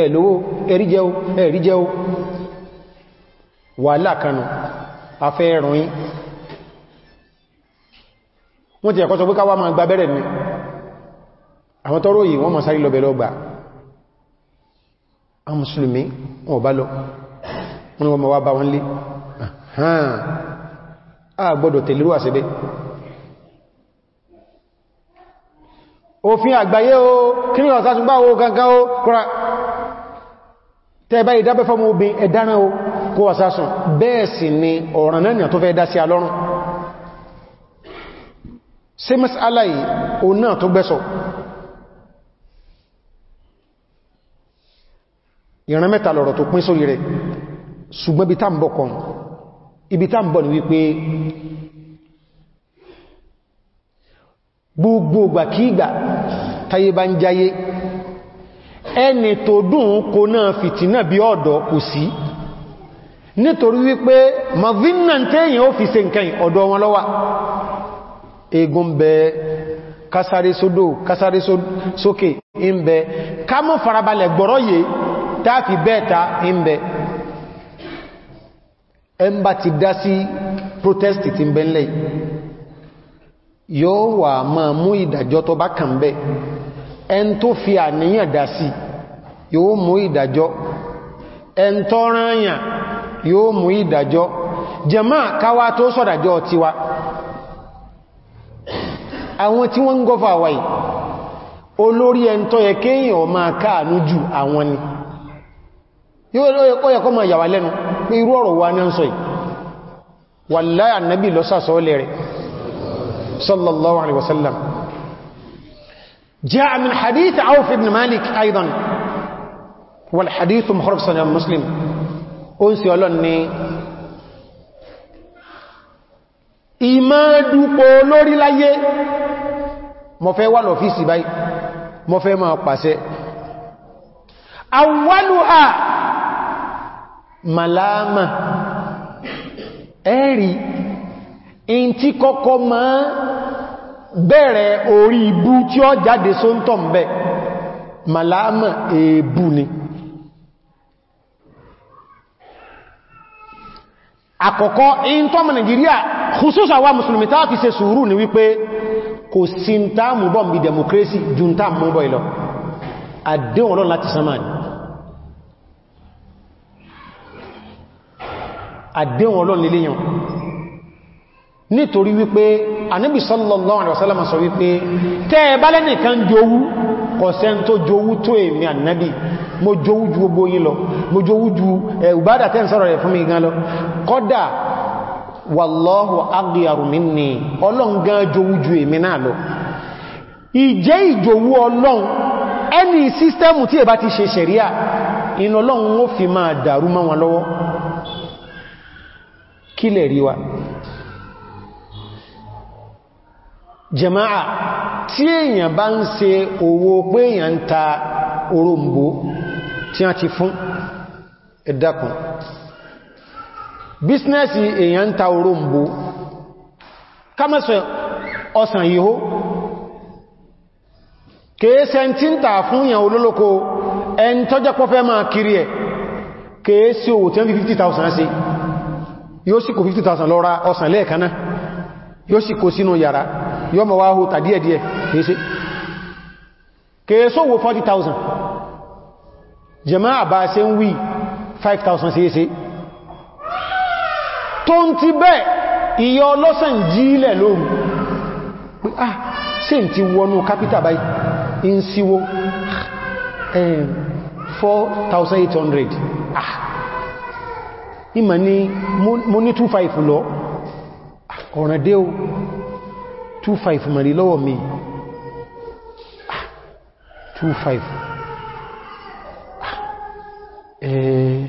ẹ̀lówó ẹ̀ríjẹ́wó ẹ̀ríjẹ́wó wà láàkanù afẹ́ ẹ̀rùn yí wọ́n ti ẹ̀kọ́ sọ pé káwà máa gba bẹ́rẹ̀ ní àwọn tọ́rọ yìí wọ́n máa sáré lọ́bẹ̀ lọ́gbà a mùsùlùmí wọ́n bá lọ wọ́n wọ́n máa wá bá wọn lé a gbọ́dọ̀ tẹ̀lérò àṣẹ́bẹ́ òfin àgbáyé o kí ní ọ̀sásùn bá owó kankan o kúrò tẹ́ẹ̀bá ìdábẹ́ fọ́mù obìn ẹ̀dáran o kó ọ̀sásùn bẹ́ẹ̀ sì ni ọ̀ràn náà tó fẹ́ dá sí alọ́rùn simus alayi o náà tó gbẹ́sọ̀ ìran mẹ́ta lọ̀rọ̀ tó pín sórí rẹ̀ ṣùgbọ́n ibi tá ń bọ̀ gbogbo gbàkígbà táyé bá ń jayé ẹni tó dùn kò náà fìtínà bí ọ̀dọ̀ kò sí nítorí wípé mavinna tẹ́yìn ó fi ṣe nǹkan ọ̀dọ̀ wọn lọ́wà egun bẹ kásáré sódò kásáré sókè ń bẹ ká mọ́ ti dá sí protest ti ń bẹ́ńlẹ̀ yìí yóò wà máa mú ìdàjọ́ tó bá kàn bẹ́ ẹn tó fi àníyàn dá sí yóò mú ìdàjọ́ ẹn tó rányàn yóò mú ìdàjọ́ jẹmá káwà tó sọ̀dàjọ́ tiwa àwọn tí wọ́n ń gọ́fà wáyé olórí ẹn tó yẹ kéèyàn ni صلى الله عليه وسلم جاء من حديث عوف بن مالك أيضا والحديث مخرج صلى مسلم أنسي أولاني ìmọ́dúpọ̀ lórí láyé mo fẹ́ wà lọ́fíìsì báyìí mo fẹ́ máa pàṣẹ awwaluha malama ẹ̀rí in tí kọ́kọ́ máa bẹ̀rẹ̀ orí ibú tí ó jáde sóntọ̀ mẹ́ màláàmà èébú ni àkọ́kọ́ in tó mọ̀ Nàìjíríà khususa wa musulmi tá ti ṣe sùúrù ni wípé kò sí ń tá mú bọ́m̀bí democracy jù ń tá mú bọ́ ìlọ àdéhùn láti sánmà ní àdéhùn ọlọ́run nítorí wípé anábì sallallahu alaihi wasallam sọ wípé tẹ́ bá lẹ́nìkan jowú ọ̀sẹ́n tó jowú tó èmì ànábì mo jowú ju gbogbo yín lọ mo jowú ju ẹ̀ùbádà tẹ́ ń sọ́rọ̀ rẹ̀ fún mi gan lọ kọ́dà wallahu aghyaru minni ọlọ́ngán rí wa jamaa tí èyàn bá ń se owó pé èyàn ń ta orombo tí a ti fún ẹ̀dàkùn bísínẹ́sì èyàn ń ta orombo kámẹ́sọ̀ ọ̀sàn yíó kèése tí ń tà fún èyàn olólókó ẹn tọ́jẹ́ pọ́fẹ́ máa kiri ẹ̀ kèése owó tí wọ́n fi 50,000 sí yóò sì kò 50,000 lọ́ra ọ̀sàn lẹ́ẹ̀kaná yóò sì kò sínú yàrá yọ ma wá hù tà díẹ̀ kéèsé kéèsó wo 40,000 jẹmáà bá ṣe ń wí 5,000 séèsé tó ń ti bẹ́ ìyọ ọlọ́sàn jílẹ̀ lóòrùn pé ah sí n ti wọnú kápítà báyìí in síwó 4,800 ah ìmọ̀ ni mo ní 2,500 lọ ah, ọ̀ràn dé o 25 mẹ́rin lọ́wọ́ mi 25 ah, ah, eh,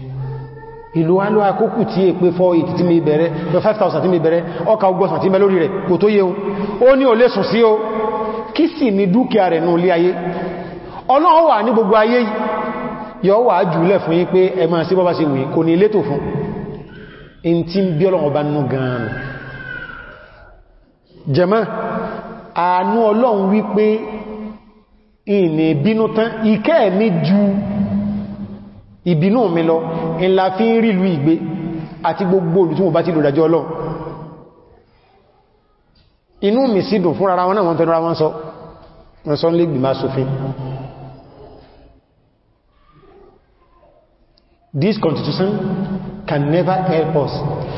ìlú alú àkókù tí è pé 480 tí mi bẹ̀rẹ̀ 5,000 tí mi bẹ̀rẹ̀ ọkà ọgbọ̀sàn tí mẹ́ lórí rẹ̀ kò tó yẹun ó ní ò sùn sí o kí sì ní dúkìá rẹ̀ nù lé ayé ọlọ́wọ́ wà ní gbogbo ayé yọ wà jùlẹ̀ fún yín pé ẹ máa sí bọ́bá sí wùí kò jẹmọ́ àánú ọlọ́run wípé ìní ìbínú tán ìkẹ́ mi ju ìbínú mi lọ ìlà fi ń rílù ìgbé àti gbogbo olù tí mo bá ti inú mi sì dùn fún wọn náà wọ́n tẹnu ara sọ wọ́n sọ lè gbìmá sófin this constitution can never help us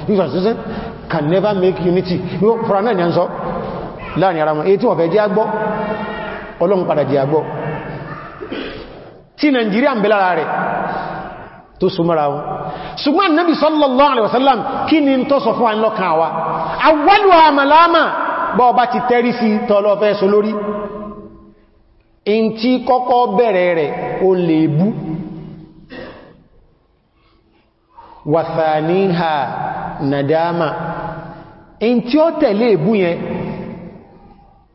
this constitution can never make unity yóò fura náà ni a ń sọ láàrin ara wọn èyí tí wọ́n fẹ́ jẹ́ agbọ́ ọlọ́run padà jẹ́ agbọ́ tí Nàìjíríà ń bẹ lára rẹ̀ tó súnmọ́ra wọn ṣùgbọ́n Nabi sallallahu alaihi wasallam kí ni tó sọ fún àìlọ́kàn wa awwalu amalama bọ́ ọba ti tẹ́rí sí tọ́lọ́fẹ́ so lórí in tí kọ́kọ́ bẹ̀rẹ̀ rẹ̀ o lè bú wàtàníhà nadama in tí ó tẹ̀lé ìbú yẹn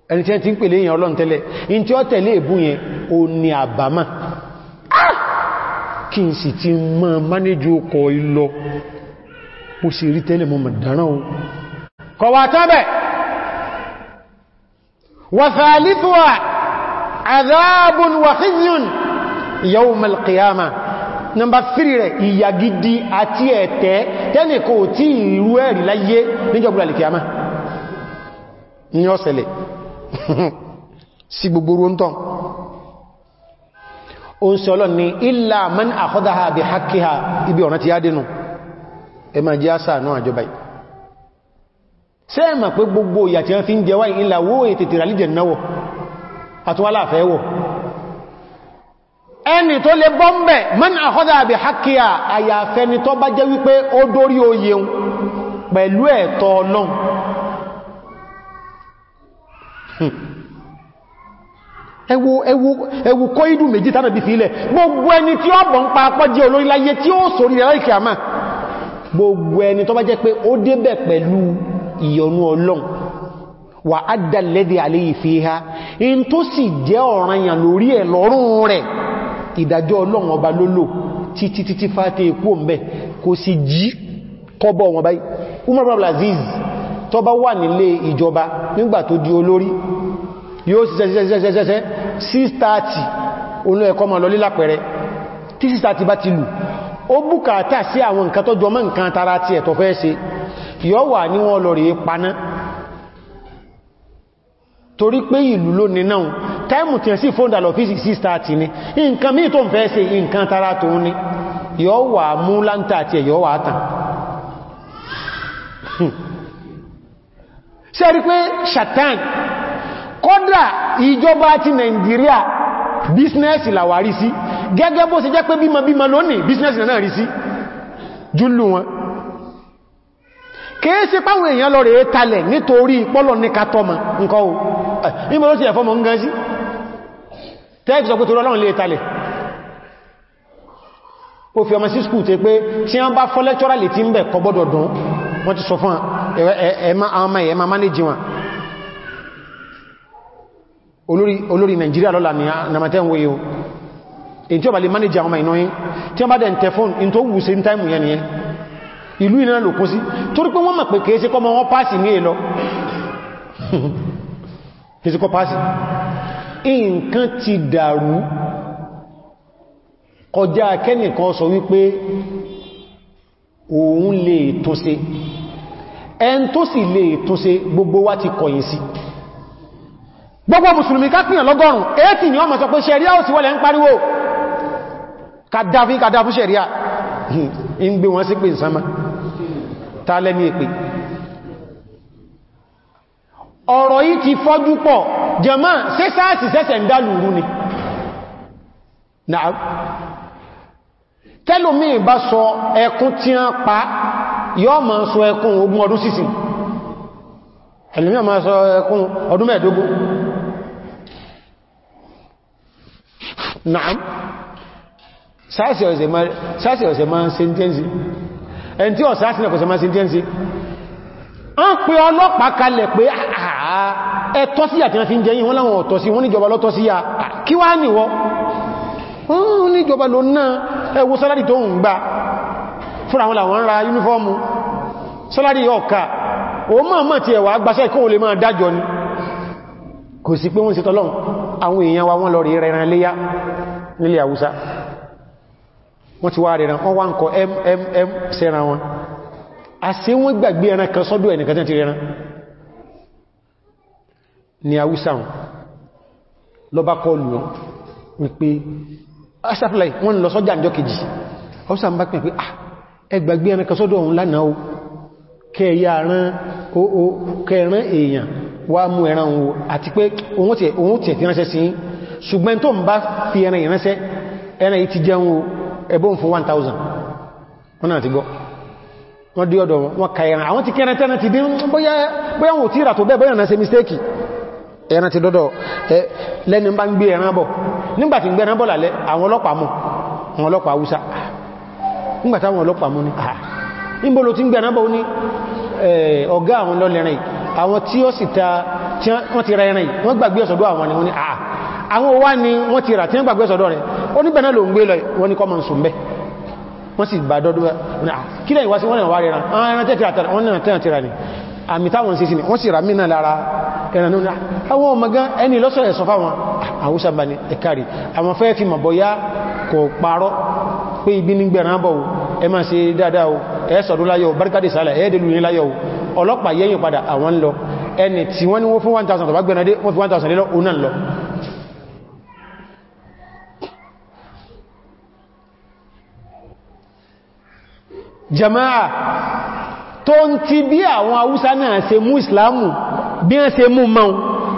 ẹni tí ẹ ti ń pèlé èyàn ọlọ́run tẹ́lẹ̀ in tí ó tẹ̀lé ìbú yẹn ó ní àbámà ah! kí n sì ti mọ́ mánéjú ọkọ̀ ìlọ mo sì rí tẹ́lẹ̀ mọ́ mọ̀dáràn o kọwàá tẹ́bẹ̀ wàfàálífúwà àdáàbùn wàfíyùn yawm al-qiyamah nọmbà 3 rẹ̀ ìyà gidi àti ẹ̀tẹ́ tẹ́nìkò tí ìrú ẹ̀rì láyé níjọ̀gbùrà lè kìyàmá ní ọ̀sẹ̀lẹ̀ sí gbogbo rúntọ́ o ń sọ lọ́n ni illa man akhadhaha bi haqqiha ibi ọ̀nà ti yá dénú ẹ ma jẹ́ àṣà náà àjọba yìí pé gbogbo ìyà tí wọ́n fi ń jẹ ìlàwó ètètè ràlìjẹ̀ náwọ̀ àtúwálà ẹni tó lè bọ́m̀bẹ̀ mọ́n àkọ́dá àbí hakiya àyàfẹ́ni tó bá jẹ́ wípé ó dórí oyeun pẹ̀lú ẹ̀tọ́ ọlọ́n hmm. ẹwu ẹwu ẹwu kọ́ idù méjì tánà bí sílẹ̀ gbogbo ẹni tí ó bọ̀ ń pa apọ́ jẹ́ olórí láyé tí ó sórí rẹ̀ láìkì gbogbo ẹni tó bá jẹ́ pé ó débẹ̀ pẹ̀lú ìyọnú ọlọ́n wà á dà lẹ́dẹ̀ àléyìí fi ha in tó sì jẹ́ ọ̀ranyàn lórí ẹ̀ lọ́rùn rẹ̀ ìdájọ́ ọlọ́run ọba lólò títí títí fàtẹ ikú mẹ́ kò sì jí kọ́bọ̀ wọn báyìí Umar Abdulaziz tó bá wà nílé ìjọba nígbà tó di olórí yóò sì sẹ́sẹ́sẹ́sẹ́sẹ́ 630 olú ẹ̀kọ́ ma lọ lílà pẹ̀rẹ tí 630 bá ti lù ó bùkátà sí àwọn nǹkan torí pé ìlú ló ní náà táìmù tí ẹ̀ sí fóòndà lọ fi 6:30 ni nǹkan mí tó ń fẹ́ ṣe nǹkan tara tó ní yọ wà mú láńtà àti ẹ̀yọ wà tàn ṣe rí pé shatan kọ́dà ìjọba ti Nàìjíríà bísínẹ́sì làwárí sí gẹ́gẹ́ bó ṣe jẹ́ pé bímọ bímọ lónìí bísínẹ́sì náà rí sí júlù wọn kìí ṣe páwọn èèyàn lọ rẹ̀ talẹ̀ nítorí pọ́lọ̀ ní katọ́mà nǹkan o ìmọ̀ ẹ̀fọ́mọ̀ ń gan sí tẹ́ẹ̀kì sọ pé tó rọ́lọ́run lè e talẹ̀ ó fi ọmọ sí skúù tẹ́ pé tí wọ́n bá fọ́ lẹ́tọ́rà lè tí ń bẹ̀ kọgbọ́dọ̀ dùn wọ́n ti sọ fún ẹ̀mà mánéjì wọn olórí Nàìjíríà lọ́la ni nàmàtẹ́wò yíò èyí tí ó bá lè mánéjì àwọn ọmọ ìná yí tí wọ́n o ìlú ìnáà lò sí torí pé wọ́n mọ̀ pé kọ́ mọ́ wọ́n pàásì nǹkan ti dàrú kọjá kẹ́nìkan sọ wípé òun lè túnṣe ẹn tó sì lè túnṣe gbogbo wa ti kọ̀yìn sí gbogbo mùsùlùmí kápìyàn lọ́gọ́rùn 80 ni wọ́n mọ̀ sọ pé ṣẹ̀ríà ò sí wọ́lẹ̀ ń pariwo kàdáfí kàdáfí ṣẹ̀ríà ń gbé wọn sí pé ìsánmà tààlẹ́ ní èpè ọ̀rọ̀ yìí ti fọ́jú pọ̀ jẹmọ́ sí sáàsì sẹ́sẹ̀ ń dálùrú ni náà tẹ́lòmí bá sọ ẹkún tí a pa yọ́ ma sọ ẹkún ogún ọdún sísìn ẹlòmí ma sọ ẹkún ọdún mẹ́ẹ̀dógún náà sáàsì ọ̀sẹ̀ máa ń se ń tẹ́ǹsì ẹni tí ọ̀sáàsì náà kọ̀sẹ̀ máa ń se ń tẹ́ǹsì wọ́n pe ọlọ́pàá kalẹ̀ pé àà ẹ̀tọ́ sí àti àti jẹ́yìn wọ́n láwọn ọ̀tọ̀ sí wọ́n níjọba lọ́tọ́ sí ya kí wá níwọ́ wọ́n níjọba ló náà ẹwọ sọ́lárì tó ń gbà fúnra wọn làwọn o máa mọ̀ tí ẹwà agbáṣẹ́ kó lè máa dájọ ni kò sí pé wọ́n sí tọ́lọ́n àwọn èèyàn wa wọ́n lọ rí rẹran léyá nílé àwúsá wọ́n ti wá rẹran wọ́n wá ń kọ mmm sẹ́ran wọn àṣé wọ́n gbàgbé ẹran kan sọ́dọ̀ ẹnìkan tí rẹran ni àwúsàun lọ ba kọlù wọn wípé aṣàfilẹ̀ ah, wọ́n lọ sọ́jà ìjọ kejì àwúsàun bá pẹ̀ pé ah o kẹyà rán o kẹrán èèyàn wá mú ẹran wo àti pé òun tẹ̀ tí ránṣẹ́ sí ṣùgbọ́n fi ẹran ìránṣẹ́ ẹran yìí ti jẹun o ẹbọ́n 1000 wọ́n ti gbọ́ wọ́n dí ọ̀dọ̀ wọn kàyẹ̀rán àwọn ti kẹrẹ tẹ́rẹ ti dín bóyá wọn ò tí ìrà tó bóyá náà ẹran ti dọ́dọ̀ lẹ́ni bá ń gbé ẹran bọ̀ nígbàtí ń gbé ẹran bọ̀ lálẹ́ àwọn ọlọ́pàá mú àwọn ọlọ́pàá Hausa nígbàtí àwọn ọlọ́pàá Ni ní àà ti ń gbé ẹran bọ̀ ní ọ̀gá àwọn lọ́lẹ́rin àwọn tí ó sì ta wọ́n ti ra ẹran yìí wọ́n gbàgbé ọ̀sọ̀dọ̀ ni ti àmì táwọn sí sínú wọ́n sì rà mínà lára ẹran náà àwọn ọmọ gan ẹni lọ́sọ̀ ẹ̀sọ fáwọn àwúsà bá ní ẹ̀kàrí àwọn fẹ́ fi mọ̀bọ̀yá kò parọ́ pé ibi ní gbẹ̀rán bọ̀ ẹ máa ṣe dáadáa o ẹ̀ẹ́sọ̀dún láyọ̀ barikade sálà ẹ̀ẹ́dẹ̀lú ní láyọ̀ ọlọ́pàá yẹ́yìn padà àwọn lọ ẹni tí wọ́n ní wọ́n fún jama'a tó ń ti bí àwọn Haúsá náà ṣe mú ìsìláàmù bí wọ́n ṣe mú mọ́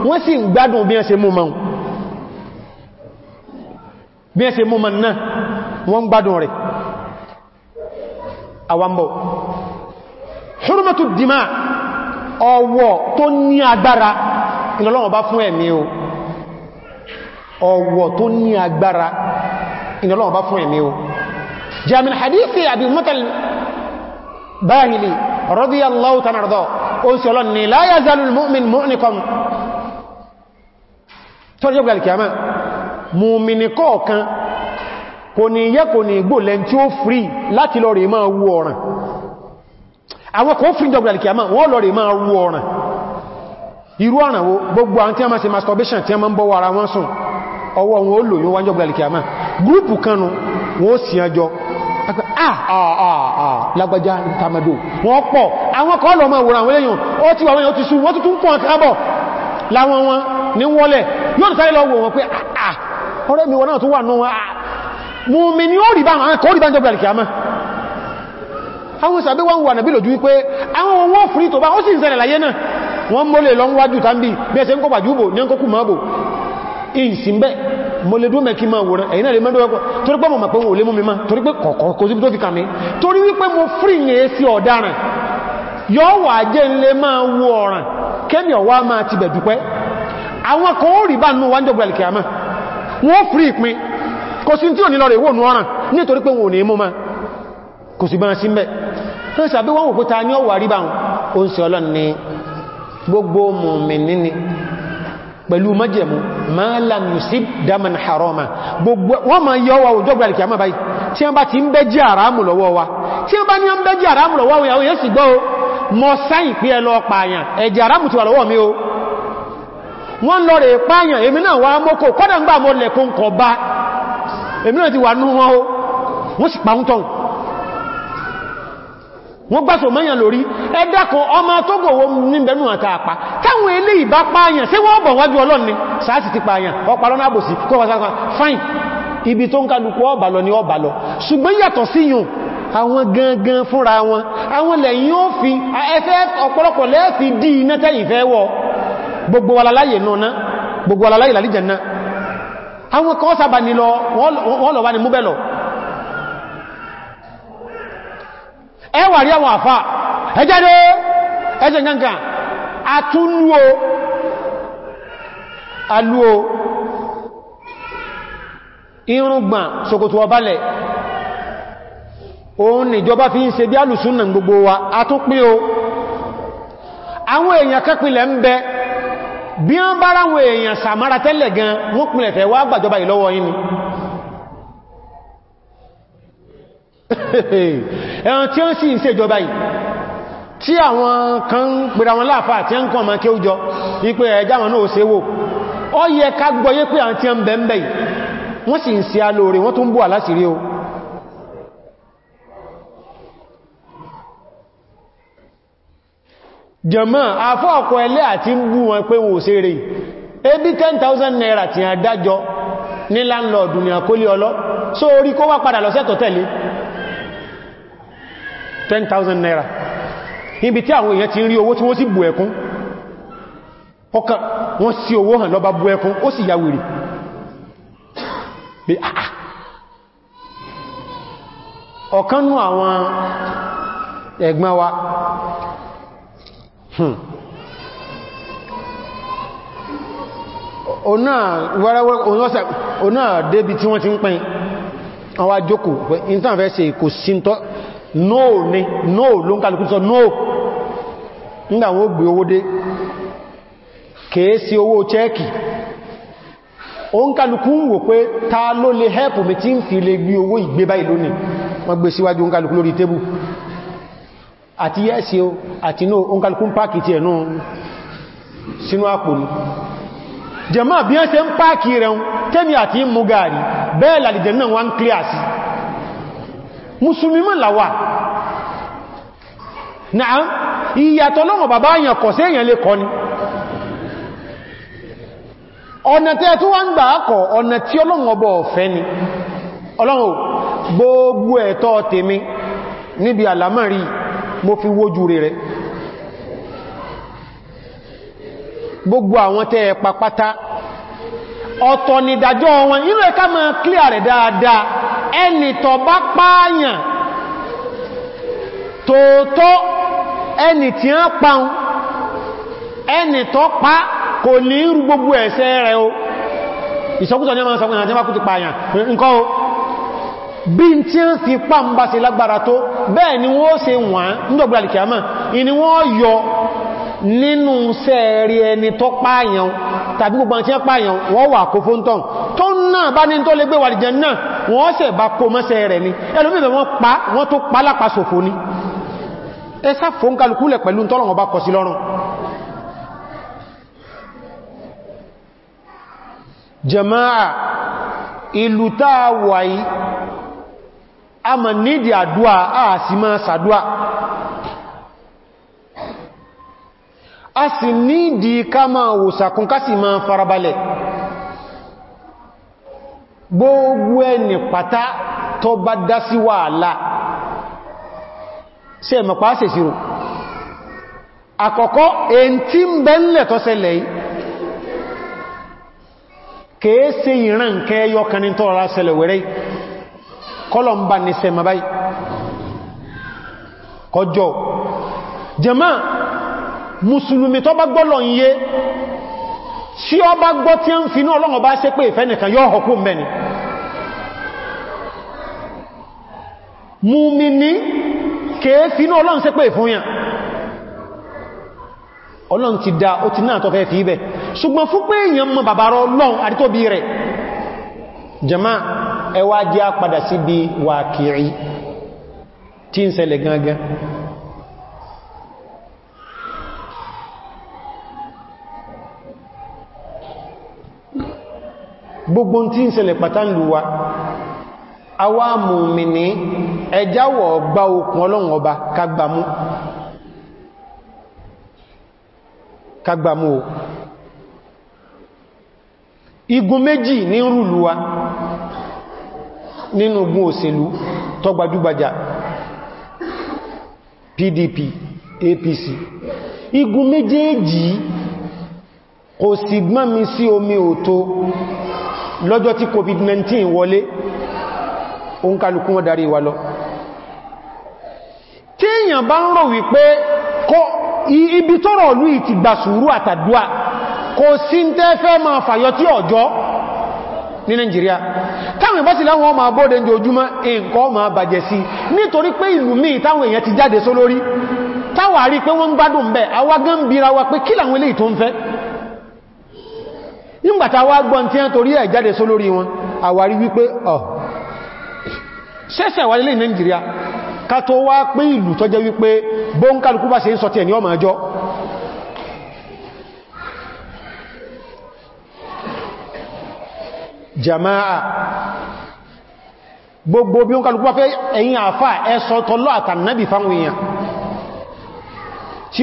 wọ́n sì ń gbádùn bí wọ́n ṣe mú mọ́ bí wọ́n ṣe mú mọ́ náà wọ́n gbádùn rẹ̀ àwambọ̀ hurmatu dìmá ọwọ́ tó ní agbára ìlọ́lọ́wọ́ bá fún ẹ̀mí o ọwọ́ tó ní agbára ìlọ́lọ́wọ́ bá fún ẹ̀mí o jẹ́ min hadithi àbí mọ́tàl báhìlì rọ́dí allahu tanardọ́ ó sì ọlọ́ ni láyá zalul mu'min mu'nikan tó rí ọgbà alkiyama mu'mini kọ̀ọ̀kan kò ní yẹ kò ní igbó lẹ́n tí ó frí láti lọ rí máa wú ọ̀ràn àwọn kò frí ọgbà wọ́n lọ rí máa wú ọ̀ràn irú wo gbogbo àwọn tí a máa ṣe masturbation tí a máa ń bọ́ wara wọn sùn ọwọ́ wọn ó kanu wọ́n ó sì Ah, ah, ah, lágbàjá tamado wọ́n pọ̀ àwọn kọ́ lọ máa wòrán àwọn èèyàn ó ti wà wọ́n ti sú wọ́n tuntun kún àkábọ̀ láwọn wọn ní wọ́lẹ̀ yóò sáré lọ wò wọ́n pé ọ̀rẹ́ mi wọ́n náà tó wà náà mú mi ní ó rí bá àwọn kọ́ rí bá ń jọ́bìnrin kìámá àwọn ìsàbí wọ́n wà nàbí lòjú wípé àwọn owó fúrí tó bá ó sì ń ṣẹlẹ̀ láyé náà wọ́n mọ́lẹ̀ lọ wájú tàbí bẹ́ẹ̀ ṣe ń kọ́ pàjúbò ní ọkọ̀kù mọ́bò ìsìnbẹ̀ mo lè dúmẹ̀ kí máa wòrán ẹ̀yìn náà lè mẹ́dọ́ ẹkọ́ torí pé mo mọ̀ pé wọ́n lè mú mi má torí pé kọ̀kọ̀ kò sí tó fi kà mí torí wípé mo frí yẹn sí ọ̀daràn yọ́ wà jẹ́ ń lè máa wo ọ̀ràn kẹ́mì ọ̀wá máa ti bẹ̀ dúpẹ́ ma kò sí bára sí mẹ́ tó sàbí wọ́n wò pé ta ní ọwà rí gbogbo mùmìnì ni pẹ̀lú májẹ̀mú ma lam yusib daman harama gbogbo wọ́n ma yọ wa òjò gbàlì kìí báyìí tí wọ́n bá ti ń bẹ́jẹ́ àrámù lọ́wọ́ wa tí wọ́n bá ní ń bẹ́jẹ́ àrámù lọ́wọ́ wa yóò sì gbọ́ mọ́ sáyìn pé ẹlọ pààyàn ẹ̀jẹ̀ àrámù ti wà lọ́wọ́ mi o wọ́n lọ rẹ̀ pààyàn wọ́n gbásò mẹ́yàn lórí ẹ̀dàkùn ọmọ tó gòwò níbẹ̀nù àtàpá táwọn ilé ìbá pààyàn sí wọ́n bọ̀ wájú ọlọ́ni sáàsì ti pààyàn ọparọ́ náà bòsí kó wà sáàkùn fine ibi tó ń kálukú ọbàlọ ni ọbàlọ ṣùgbọ́n yàtọ̀ sí yùn àwọn gangan fúnra wọn àwọn lẹ́yìn ó fi ẹfẹ́ ọ̀pọ̀lọpọ̀ lẹ́ẹ̀fì dí iná tẹ́yìn fẹ́ wọ gbogbo alaláyè náà gbogbo alaláyè lálìjẹ̀ náà àwọn kan sábà nílọ wọ́n lọ wá ní múbẹ̀lọ̀ ẹwà rí àwọn àfà ẹjẹ́dẹ́ ẹjẹ́ gangan àtúnlúo alúo irùngbọ̀n ṣòkòtò ọbalẹ̀ òun nìjọba fi ń ṣe bí alùsúnnà gbogbo wa àtúnpín o àwọn èèyàn kẹ́pìlẹ̀ ń bẹ bí wọ́n bára àwọn èèyàn sàmára tẹ́lẹ̀ gan wọ́n fẹ́ wá gbàjọba ìlọ́wọ́ yìí ni ẹ̀wọ̀n tí ó ń sì ń ṣèjọba yìí tí àwọn kan pèrà wọn láàfà tí ó ń kàn máa kí ó jọ wípé ẹjá wọn náà ṣe wò ó yẹ ká gbọ́yé pé àwọn tí ó ń bẹ̀m̀bẹ̀ yìí wọ́n sì ń ṣe alóore wọ́n tó ń bú àlásìrí o jẹ̀mọ́ afọ́ ọ̀kọ̀ ẹlẹ́ àti ń bú wọn pé wọn ò ṣe rẹ̀ ebi 10,000 naira tí a dájọ ní láńlọ́ọ̀dù ní àkólé ọlọ́ so orí kó wá padà lọ́sẹ̀ tó tẹ̀lé 10,000 naira ibi tí àwọn èèyàn ti ń rí owó tí wọ́n sì bù ẹkún ọkàn wọ́n sí owó hàn lọ́ba bù ẹkún ó sì yàwèrè pé àà ah, ah. ọ̀kánú àwọn ẹ̀gbọ́n wa hmm, ọ̀nà débi tí wọ́n ti ń pẹ́yìn àwọn ajókòó ìntànfẹ́ ṣe kò síntọ́ no ni no ló ń kálukú sọ no nda wọn ó gbé owó dé kèé sí owó chẹ́ẹ̀kì ó ń kálukú ń wò pé ta ló lè hẹ́pù mi tí ń fi lè gbé owó ìgbé báyìí lónìí wọ́n gbé síwájú ó ń kálukú lórí tébù àti yẹ́sí o àti no ó ń kálukú ń páàkì ti ẹ̀nú sínú àpò ní jẹ́mọ́ bí wọ́n ṣe ń páàkì rẹ̀ tẹ́mi àti mú gààrí bẹ́ẹ̀ làlìjẹ̀ náà wọ́n ń kílíàsì musulmi mọ́ làwà náà ìyàtọ̀ lọ́wọ́ bàbá èèyàn kọ̀ sí èèyàn lè kọ́ ni ọ̀nà tí ẹ tó wá ń gbà ákọ̀ ọ̀nà tí ọlọ́wọ́ bọ̀ ọ̀fẹ́ ni gbogbo ẹ̀tọ́ temi níbi àlámọ̀rí mo fi wójú gbogbo àwọn tẹ́ ẹ papátá ọ̀tọ̀ nìdàjọ́ wọn nínú ẹ̀ká máa clear rẹ̀ dáadáa ẹni tó bá pààyàn tòótọ́ ẹni tí a pàun ẹni tó pa kò ní rú gbogbo ẹ̀ṣẹ̀ rẹ̀ o ìṣọ́kútọ̀ ní ọmọ ìṣọ́kútọ̀ àti ẹmọ́kútọ̀ pààyàn nǹkan o bí n tí ń fi pàm bá ṣe lágbára tó bẹ́ẹ̀ ni wọ́n ṣe wọ́n nígbàgbà alìkìyàmà ìní wọ́n yọ nínú sẹ́ẹ̀rí ẹni tó pààyàn tàbí gbogbo àti ẹpààyàn wọ́n wà kó fóntọ́n náà bá ní tó lè gbé wàlìjẹ̀ náà wọ́n sẹ̀ bá kó mọ́sẹ̀ rẹ̀ ni ẹlòmíbẹ̀ wọ́n pa wọ́n tó pa lápa sòfò ni ẹsá fún kalùkúlẹ̀ pẹ̀lú tọ́lọ̀wọ̀n bá kọ sí lọ́rùn jama'a a ma nídi àdúà a sì máa sàdúà a sì ká máa wòsàkún ká sì máa farabalẹ̀ gbogbo ẹni pàtá tó bá dá sí wàhálà sí ẹ̀mọ̀ pàá sì sírò àkọ́kọ́ èyí tí ń bẹ́ńlẹ̀ tó ṣẹlẹ̀ yìí kèé se ìran nkẹ́ yọkaní tó rọra ṣẹlẹ̀ wẹ̀rẹ́ kọlọmbà ní sẹ̀mọ̀ báyìí kọjọ jàmá mùsùlùmí tó bá gbọ́lọ̀ yìí tí ọ bá gbọ́ tí ń fi ní ọlọ́run bá ṣe pé ìfẹ́ nìkan yóò ọkú mẹ́ni múmi ní kèé fi ọlọ́run ṣe pé ọlọ́run ti dá ó ti náà tọ́fẹ́ fi ibẹ̀ ṣùgbọ́n fún pé èèyàn mọ bàbárọ ọlọ́run àdítóbi rẹ̀ ẹwà gbogbo tí ń ṣẹlẹ̀ pàtàlùwà àwa mùmìnì ẹjáwọ̀ gba okùn ọlọ́run ọba kagbàmú kagbàmú o igun méjì ní rúlùwà nínú ogun òṣèlú tó PDP APC igun méjèèjì kò sì gbọ́n mi sí omi òtó lọ́jọ́ tí covid-19 wọlé òun kálukú wọn darí wa lọ tí èyàn bá ń rò wípé ibi tọ́rọ̀ olú ìti gbà sùúrù àtàdúà kò sí ń tẹ́ fẹ́ máa fàyọ tí ọjọ́ ní nigeria táwọn ìbọ́sí láwọn ọmọ abọ́dẹ̀ ní ojúmọ́ nǹkan ọmọ bàjẹ́ sí nítorí pé ìlú míì táwọn èèyàn ti jáde sólórí táwà rí pé wọ́n ń gbádùn bẹ́ẹ̀ awágán bíra wa pé kí làwọn eléyìí tó ń fẹ́ nígbàtà wá gbọ́n tí a torí ẹ̀ jáde só lórí wọn àwárí wípé ọ̀ ṣẹ́ṣẹ̀ wà nílé Nàìjíríà ká tó wá pín ìlú tọ́jẹ́ wípé bóńkálukú bá ṣe ń sọ tí ọmọ ọjọ́ jama'a gbogbo bí wọ́n kálùkú fẹ́ ẹ̀yìn àfà ẹ̀sọ́ tọ́lọ́ àtànàbì fáwọn èèyàn tí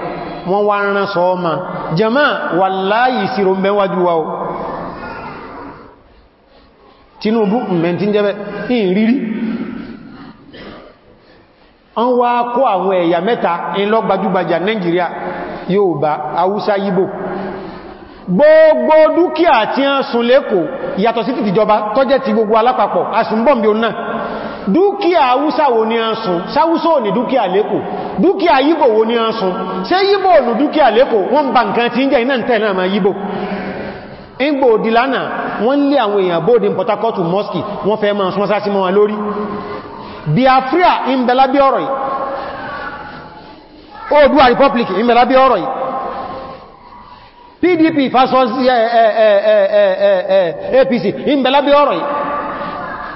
wọ́n wá rán sọ ọmọ jẹmọ́ wà láyìí sí ro mẹ́wàjú wa o Tinubu mẹ́ntí jẹ́bẹ̀ in rírí an wá kó àwọn ẹ̀yà mẹ́ta in lọ gbajúgbajà Nàìjíríà Yorùbá Haúsá Yíbò gbogbo dúkìá tí a sun lẹ́kọ̀ọ́ yàtọ̀ sí tìtìjọba tọ́jẹ́ ti gbogbo alápapọ̀ asùnbọ̀m̀bí náà dúkìá Haúsá wo ni a ń sun sáwúsá ò ní dúkìá lẹ́kò dúkìá Yíbò wo ni a ń sun ṣé Yíbò ní dúkìá lẹ́kò wọ́n ba nǹkan tí ń jẹ́ iná tẹ́ náà ma Yíbò ìgbò dìlánà wọ́n lé àwọn èèyàn bóòdì Port APC ìmbẹ̀lábí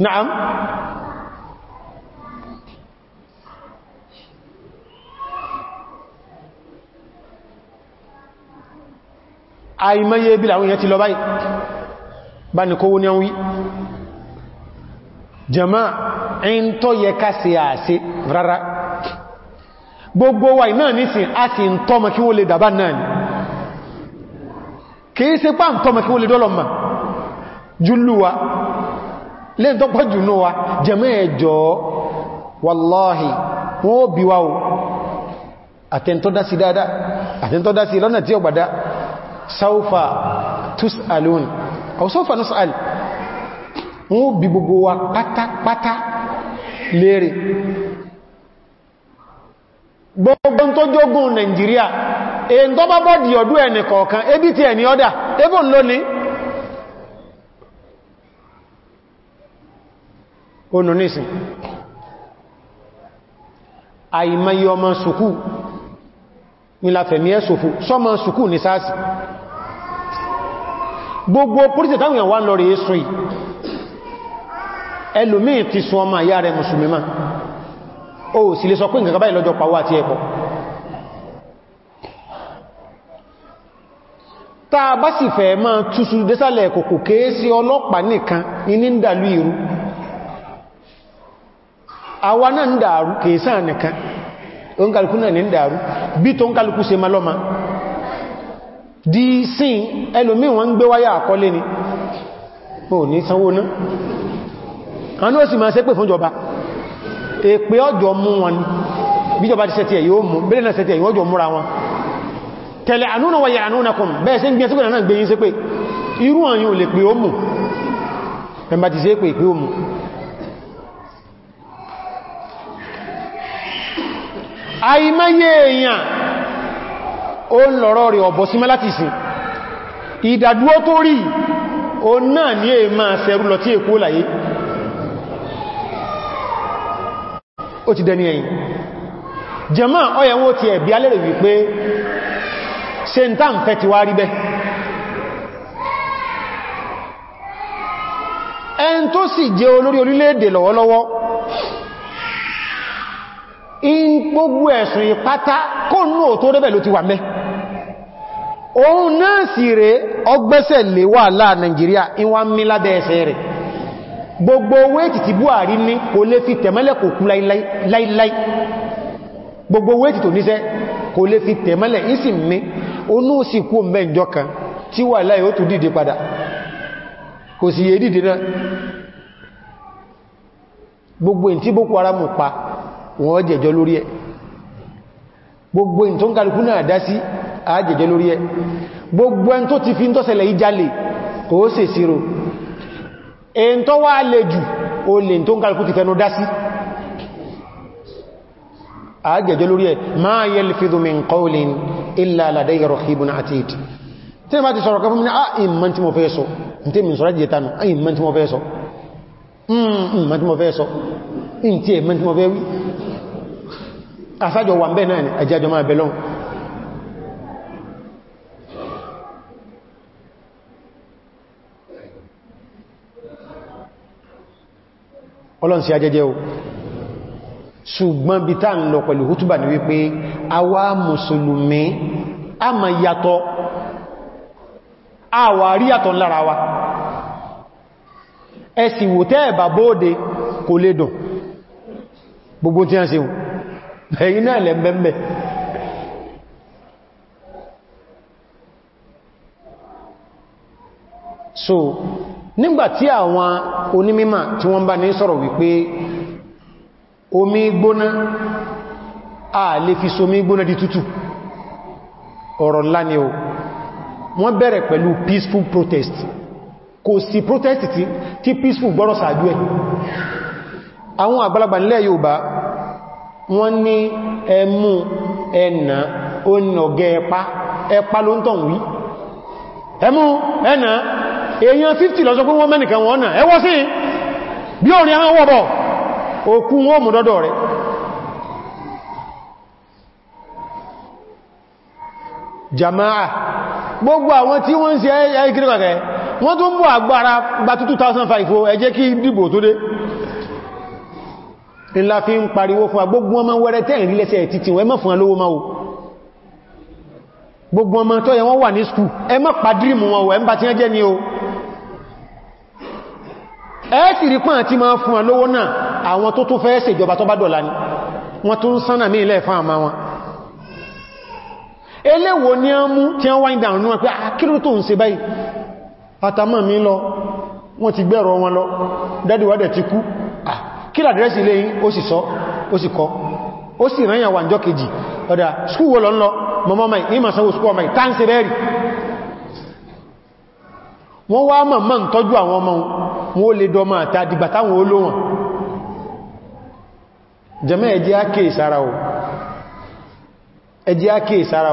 na'am àìmọ́yé bí làwọn èèyàn ti lọ báyìí bá ní kówó ní ọwí jama in tó yẹ ká sí àṣẹ rárá gbogbo wa náà nísìn a sì ń tọ́mọ kí wọ́n lè dàbá ni kìí ṣe pá ń tọ́mọ kí wọ́n lè dọ́lọ́mà jùlúwa lè tó pọ̀ jù náà wa jẹmọ́ ẹjọ́ wallahi wọ́n ó bí wa o àtẹ́ntọ́dásí dáadáa àtẹ́ntọ́dásí lọ́nà tí ó gbàdá sáúfà tus'alun aw sáúfà nus'al wọ́n ó bí gbogbo wa pátápátá lérè gbogbo tó jogun Nàìjíríà èyí tó bá bọ́dì ọdún ẹnì kọ̀ọ̀kan ebi ti ẹni ọ́dà ebùn lónìí ó nù nísìn àìmọye ọmọ sùkú nílàfẹ̀mí ẹ̀sòfò sọmọ sùkú ní sáàsì gbogbo púrítẹ̀ táwọn ìyàwó lọ rí èsù yìí ti sun ọmọ àyá rẹ̀ mùsùlùmí ma o sì lè sọ pé nǹkan báyìí pàwọ́ àti ẹ̀kọ́ tá máa túsù désàlẹ̀ kòkò kéèsí ọlọ́pàá nìkan awa náà ń dàrú kèèsà nìkan o ń kàlùkù náà ní ń dàrú bí tó ń kàlùkù ṣe ma lọ́ma di sin ẹlòmí wọn ń gbé wáyà àkọlé ni o ní sanwó ó sì máa fún ni bí jọba ti sẹ́tì ẹ̀ yóò mú sẹ́tì ẹ̀ yóò múra wọn tẹ̀lẹ̀ àìmẹ́yẹ èèyàn ó ń lọ̀rọ̀ rẹ̀ ọ̀bọ̀ sí mẹ́láti sí ìdàdúó tó rí o náà ní è máa sẹ́rú lọ tí èkó láyé ó ti dẹni ẹ̀yìn jẹ́mọ́ ọyẹ̀wó ti ẹ̀bí alẹ́rẹ̀ wípé ṣe ń tàn fẹ́ ti wá rí bẹ́ ẹn tó sì jẹ́ olórí orílẹ̀-èdè lọ́wọ́lọ́wọ́ in gbogbo ẹ̀sùn ìpátá kó náà tó rẹ́bẹ̀ ló ti wà mẹ́ òun náà sì rẹ̀ ọgbẹ́sẹ̀ lè wà láà Nàìjíríà mí ẹsẹ̀ gbogbo owó ètì Buhari ní kò lè fi tẹ̀mẹ́lẹ̀ kò kú gbogbo owó fi kan gbogbo pa wọ́n jẹjọ lórí ẹ̀ gbogbo ìn tó ń kàlùkù náà dá sí àájẹjọ lórí ẹ̀ gbogbo ẹn tó ti fi ń tọ́sẹ̀lẹ̀ ìjálè kò ó sì síro èyí tó wá lè jù o lè tó ń kàlùkù ti fẹnu dá sí àájẹjọ lórí ẹ̀ ma yalfidhu min qawlin illa ladayhi raqibun atid tí àsájọ wà ń bẹ́ náà ni ẹjẹ́jọ máa bẹ̀lọ́n ọlọ́nsí ajẹ́jẹ́ o ṣùgbọ́n bí táà ń lọ pẹ̀lú hútùbà ní wípé àwa mùsùlùmí a ma yàtọ̀ àwa rí yàtọ̀ lára wa ẹ̀sìn wò tẹ́ẹ̀bà bóòdé kò lè dùn gbogbo tí a ṣe hùn ẹ̀yìn náà lẹ mẹ́mẹ́ so nígbàtí àwọn onímímà tí wọ́n bá ní sọ̀rọ̀ wípé omi gbóná a lè fi somi gbóná di tútù ọ̀rọ̀ ńlá o wọ́n bẹ̀rẹ̀ pẹ̀lú peaceful protest kò sí protest tí peaceful gbọ́rọ̀ sàájú ẹ̀ àwọn àgbàlagbà nílẹ̀ Yorùbá wọ́n ní ẹmú ẹ̀nà onàgẹ́ ẹpa ẹpa ló ń tàn wí ẹmú ẹ̀nà èèyàn 50 lọ́sọ pé wọ́n mẹ́nìkan wọ́n náà ẹwọ́ sí bí orin àwọn wọ́bọ̀ òkú wọ́n mú dọ́dọ̀ rẹ̀ jama'a gbogbo àwọn tí wọ́n ń ṣe ẹgbẹ̀rẹ̀ wọ́n tó ń bọ̀ agbára gba 2005 ẹjẹ́ kí dìbò tó dé ńlá fi ń pariwo fún agbógún ọmọ wẹ́rẹ́ tẹ́yìn rí lẹ́sẹ̀ títí wọ́n ẹmọ́ fún alówó máa o gbogbo ọmọ tó yẹ wọ́n wà ní skú ẹmọ́ pàdírìmù wọn wọ́n bá ti jẹ́ ní o ẹ́ sì rí pọ́n tí máa fún alówó náà àwọn tó tún fẹ́ ṣèjọba tó bá dọ̀la ni wọ́n tún sánà mí ilẹ̀ fún àmà wọn eléwo ni a mú tí a wáyé dànù pé akírò ah, tó ń ṣe báyìí àtàmà mi lọ wọ́n ti gbẹ̀rọ wọn lọ dádìwádẹ̀ ti kú kí làdírẹ́sì ilé yìí ó sì sọ ó sì kọ ó sì rányà wà njọ́ kejì ọ̀dá skúwò lọ lọ mọ́mọ́ mai ní masanwó skúwò mai tá ń se rẹ́rì wọ́n wá mọ̀ mọ́ ń tọ́jú àwọn ọmọ wọn ó lè dọmọ àti àdìgbàtáwọn olóhun jẹ́mẹ́ ẹjẹ́ ákè ìsára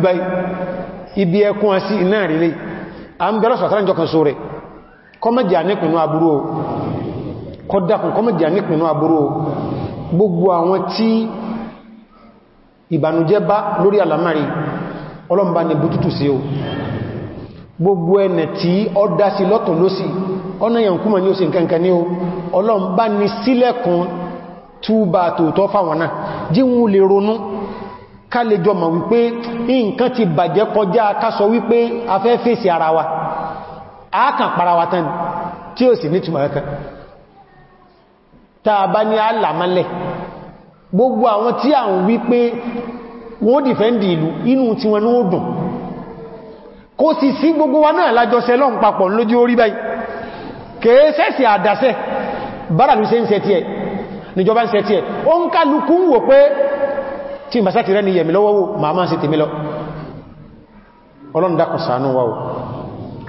ń ibi ẹkùn así iná rí lè à ń bẹ̀rọ̀ sọ̀tánjọ́ kan sóre kọmọ̀jì ànípinú aburú kọ́dàkùn kọmọ̀jì ànípinú aburú gbogbo àwọn tí ìbànújẹ́ bá lórí àlàmárì ọlọ́mbà ní bútútù sí o gbogbo ẹnẹ tí ọ dá sí lọ́tún lósì ọ̀nà yankúmọ̀ ní ó sì nkankan ní o ọlọ́mbà ní sílẹ̀kùn túbà tòótọ́ fáwọn náà jíwú lè ronú ká lè jọ mọ̀ wípé nǹkan ti bàjẹ́ kọjá ká sọ wípé afẹ́fẹ́sì ara wa ákàn parawatan tí ó sì nítumọ̀ ẹ̀kan tàà bá ní alàmálẹ̀ gbogbo àwọn tí à ń wí pé wọ́n dìfẹ́ndì ìlú inú tí wọn ní ó dùn kó sì sí gbogbo wa náà lájọsẹ lọ́n papọ̀ lójú orí báyìí kèésẹ́sì àdásẹ́ bára mi se ń ni yẹ̀mí lọ́wọ́wò màá máa se tèmi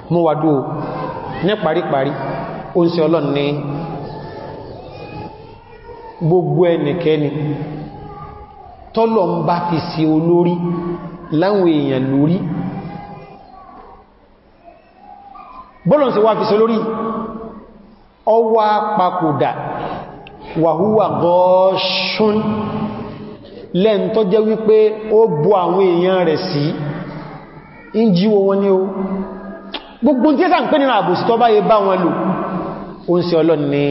mú wà dúó ní paríparí ó ń ṣe ọlọ́n ní gbogbo ẹnikẹ́ni tọ́lọ̀ ń bá fi sí olórí láwọn èèyàn lórí bọ́lọ̀ sí wá fi sí olórí ọwá papòdà wàhúwà gọ́ọ̀ṣún lẹ́n tó jẹ́ wípé ó bu àwọn èèyàn rẹ̀ sí ń jíwo wọn ni o gbogbo tí ẹ́sà ń pè nínú àbòsí tó bá yẹ bá wọn lò ó ń ṣe ọlọ́n ni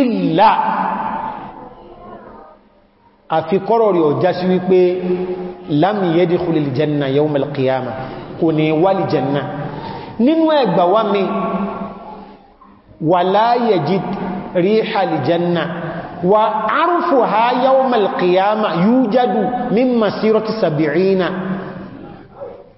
ìlà àfikọ́rọ̀ rí ọjá sí wípé lámì yẹ́dì kúlìlì jẹ́nà yẹ́ umar kò ní wálì jẹ́nà nínú ẹgbà wá mi wà láyẹ̀ jí rí hàlì jẹ́nà wà arùfù ha yẹ́ umar yújádù mímọ̀ sírọ̀tí sàbìrínà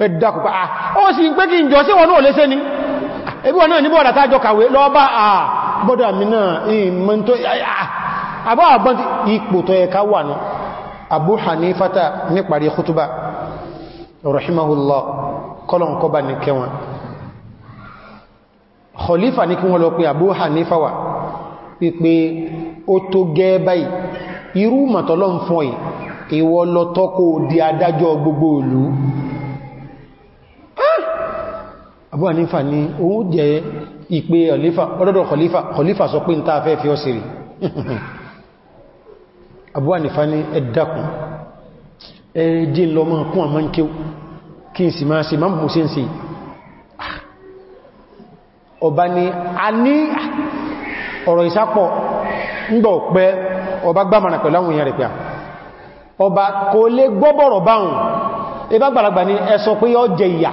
ẹ̀dàkùpá à ah, ó sì pé kí n jọ sí wọn náà léṣe ni ẹbí wọn náà níbọ̀ àtàjọ kàwé lọ́ọ́bá à ah, bọ́dọ̀ àmì náà ìmọ̀ntó ah, àbọ́ àbọ́n ipò tó ẹ̀ká wà ní Abu Hanifata níparí kútúbà rahimahullah kọlọ̀n kọba khalifa ní kí wọ́n lọ Abu Hanifa wà pípé ó tó gẹ́ báyìí irú màtọ́lọ́ fún ẹ̀ ìwọ di adájọ́ gbogbo ìlú Abu Hanifa ní òun jẹ ìpé ọdọdọ kọlífà kọlífà sọ pé ń ta fẹ́ fi ọ́ sírì Abu Hanifa ní ẹ̀dàkùn ẹ̀ẹ́dí lọ máa kún àmá ń kí kí n sì máa se máa sí ah, ọba ni a ní ọ̀rọ̀ ìsápọ̀ ọba gbámanà pẹ̀lú àwọn èèyàn rẹ̀ pẹ́ ah, ọba kò lè gbọ́bọ̀rọ̀ báhùn ẹbá ni pé jẹ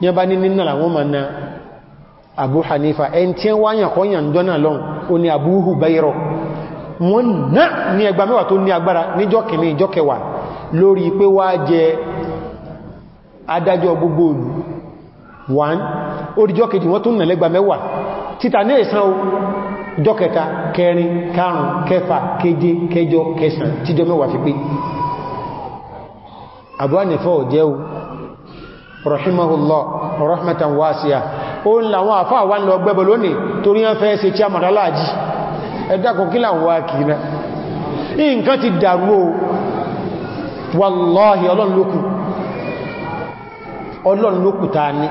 ní ọba ní nínú àwọn ọmọ na Abu Hanifa ẹn tí wáyàn kọyàn dọ́nà lọ́n o ni Abu Hubayra wọ́n náà ní ẹgbà mẹ́wàá tó ní agbára níjọ́ kìíní ìjọ́ kẹwàá lórí pé wá jẹ adájọ́ gbogbo olù wọ́n oríjọ́ kejì wọ́n tún nàlẹ́gbà mẹ́wàá títà ní ìsan ìjọ́ kẹta kẹrin karùn kẹfà keje kẹjọ kẹsàn Abu Hanifa ò jẹ́ o rahimahullah rahmatan wasi'a ó ń làwọn àfá àwọn lọ gbẹ́bẹ̀ lónìí torí wọ́n fẹ́ ṣe chairman aláàjí ẹ̀dàkùn kí làwọn wá kìí náà nǹkan ti dàrú o wàláhì ọlọ́nlókù ọlọ́nlókù ta ní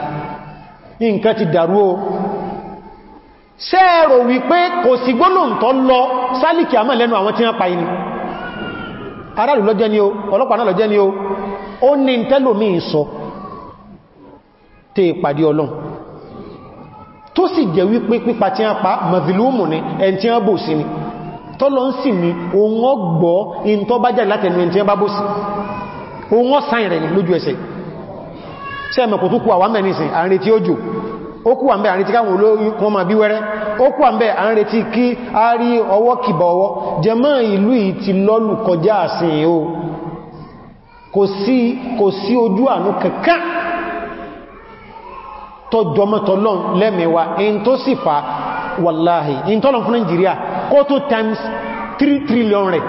nǹkan ti dàrú o sẹ́ẹ̀rò wípé kò sí gbónàntọ́ lọ sálìkì àmà lẹ́nu àwọn ni o ọlọ́pàá ni o so tẹ́ ìpàdé ọlọ́n tó sì jẹ́ wípé pípa tí a pa mazilúmù ni ẹn tí a bò sí ni tọ́lọ ń sì ní ohun ọgbọ́ in tó bá jáde látẹnu ẹn tí a bá bò sí ohun ọ̀sán rẹ̀ lójú ẹsẹ̀ sí ẹmẹ̀kù tó kú àwọn mẹ́rinsin àárín tí ó kú àmbẹ̀ àárín tí káwọn olóòkùn ma bí wẹ́rẹ́ ó kú àmbẹ̀ àárín kí a rí ọwọ́ kìbọ̀ ọwọ́ jẹmọ́ ìlú yìí ti lọ́lù kọjá àsìn o kò sí ojú àánú kankan tó jọmọ́tọ̀lọ́n lẹ́mẹ̀wà in tó sì fa wàláhì in tọ́lọ̀ fún Nigeria kó tó times 3 trillion rẹ̀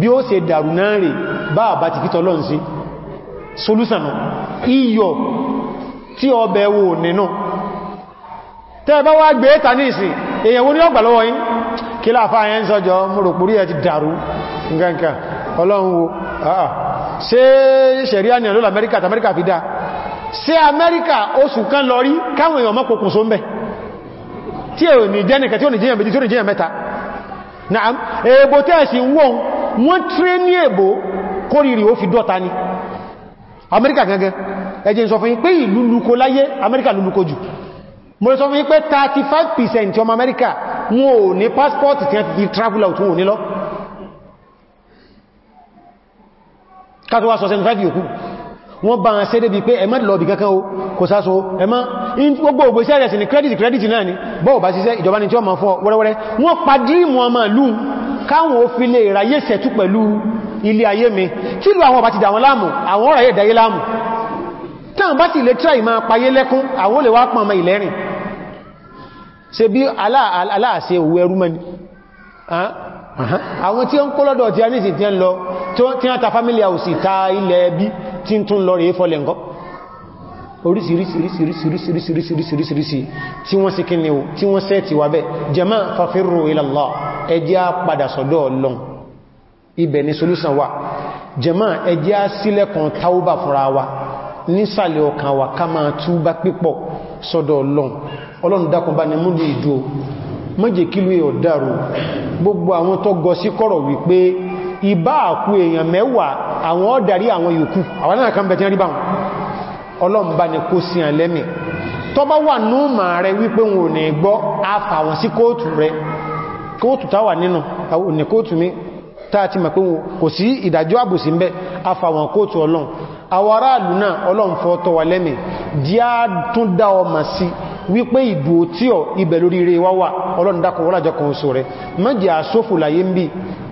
bí ó ṣe dàrú náà rẹ̀ bá àbá ti fítọ́ lọ́n sí solúsànà iyọ̀ tí ọbẹ̀ wò nínú tẹ́ bá wá gbé ẹ̀ta ní ìsìn èyàn wo ní ọgbà lọ́wọ́ yín sí Amẹ́ríkà oṣù kan lọ rí káwọn èèyàn mọ́kòkùn só ń bẹ̀ tí èrò ní jẹ́nìkà tí ó ní jẹ́yàn méjì tí ó ní jẹ́yàn mẹ́ta náà èèbò tẹ́ẹ̀sì wọ́n wọ́n tré ní èèbò kórìrì ó fi dọ́ta ni Amẹ́ríkà gangan ẹjẹ́ sọ fún yín pé ìlú lúkọ láyé Amẹ́ríkà lúlúkọ jù mo sọ fún pé 35% ọmọ Amẹ́ríkà wọn ò ní passport tí wọ́n fi travel out wọn ò ní lọ kátó wọ́n bá ń sẹ́dẹ̀ bí pé ẹmọ́ lọ́bì kankan o kò sáso ẹmọ́ gbogbo ògbèsẹ́ rẹ̀ sí ni kírẹ́dìtì kírẹ́dìtì náà ni bọ́ọ̀ bá ṣiṣẹ́ ìjọba ni tí wọ́n ma fún wẹ́rẹ́wẹ́rẹ́ wọ́n pa dírìmù ọmọ ìlú káwọn ó fi lè ráyé sẹ̀tú pẹ̀lú ilé ayé mi tí lù àwọn ọba ti dà wọn láàmú àwọn ọ̀rọ̀ àwọn tí ó ń kó lọ́dọ̀ tí a ní ìsìn tí a ń lọ tí a ta family house ta ilẹ̀ ẹbí tí ń tún lọ rèé fọ́lẹ̀ ǹkan orísìírísìírísìírísìírísìírísìírísìírísìí tí wọ́n sí kí ni o tí wọ́n sẹ́ ti wà bẹ́ jẹma fafirru ilallah ẹjẹ́ a padà sọ́dọ̀ Ọlọ́run ibẹ̀ ni solúsàn wà jẹma ẹjẹ́ a sílẹ̀kùn taúbà fúnra wa nísàlẹ̀ ọkàn wa ká máa túbá pípọ̀ sọ́dọ̀ Ọlọ́run Ọlọ́run dákùnbá ni múlù ìdúó mọ́jẹ̀ kílú ẹ̀ ọ̀dáró gbogbo àwọn tó gọ sí kọ̀rọ̀ wípé ìbá àkú èèyàn mẹ́wàá àwọn ọ̀dàrí àwọn yòókù àwọn náà kan bẹ̀tẹ̀ rí báwọn ọlọ́mbà ni kó sí àlẹ́mì tó bá wà núùmà rẹ wípé wọn ò ní gbọ́ afàwọn sí kóòtù rẹ kóòtù táwà nínú àwọn òní kóòtù mi táàtí wípé ìdúó tí ọ ibẹ̀ lórí rẹ̀ wá wà ọlọ́ndakùn wọ́lájọ́ kan oṣù rẹ̀ mọ́jẹ̀ àṣófò láyé ń bí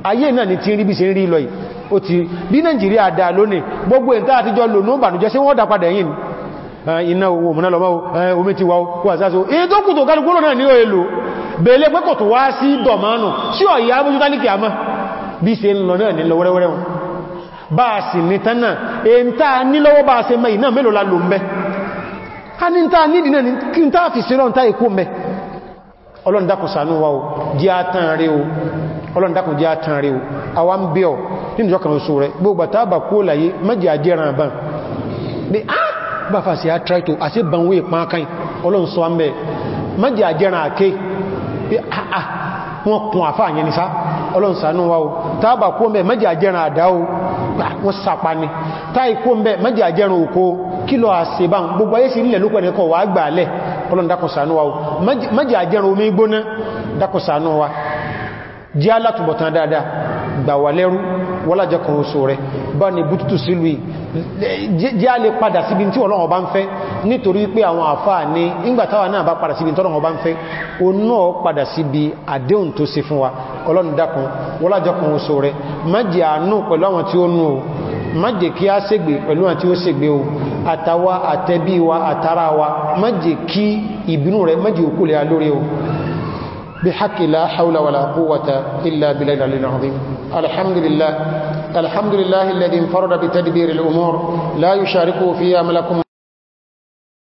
ayé náà ni tí ń rí bí ṣe ń rí lọ yìí bí Nàìjíríà dá lónìí gbogbo ìta àtijọ́ lò ní ìbànújẹ́ sí wọ́n dá padà yìí iná owó mọ́ná lọ́mọ́ omi ti wá wà sáàsó èyí tó kù tó kálukú náà ní èlò bèèlé pẹ́kọ̀ tó wá sí dọ̀mánù tí ọ̀yá abújútá ní la lò a ní ta ní ìdínà kí n ta fi sí lọ́n ta ikú mẹ́ ọlọ́ndakùn sànú wa o jí a tán rí o ọlọ́ndakùn jí a tán rí o àwa ń bí ọ nínú ìjọkàn oṣù rẹ gbogbo tàbà kó láyé mẹ́jì àjẹ́ràn bàn ní á bá fàṣẹ àtráìtò àti banwé pàákàí ọlọ́n sọ mẹ́ mẹ́jì àjẹ́ràn àké wọ́n kún àfáà kílọ̀ àṣìbá gbogbo ayé sí ilẹ̀ ló pẹ̀lẹ̀ kọ̀ wà gbàálẹ̀ ọlọ́n dákọ̀sánú wa mẹ́jì àjẹ́rùn omi gbóná dákọ̀sánú wa jẹ́ alátùbọ̀tán dáadáa gbà wà lẹ́rú wọ́lájẹ́ kan oṣù rẹ̀ bá ní bútútù sílù jẹ́ a lè padà síbi tí Ọlọ́run bá ń wa Ọlọ́run dákun wọ́lájẹ́ kan oṣù rẹ̀ má jẹ́ àánú pẹ̀lú àwọn tí ó nú o má jẹ́ kí a ṣègbè pẹ̀lú àwọn tí ó ṣègbè o àtàwà àtẹ́bí wa àtàrà wa má jẹ́ kí ìbínú rẹ̀ má jẹ́ òkú lè alórí o bí haqqi la hawla wala quwwata illa billahi al-azim alhamdulillah alhamdulillah alladhi infarada bi tadbiril umur la yushariku fiha malakun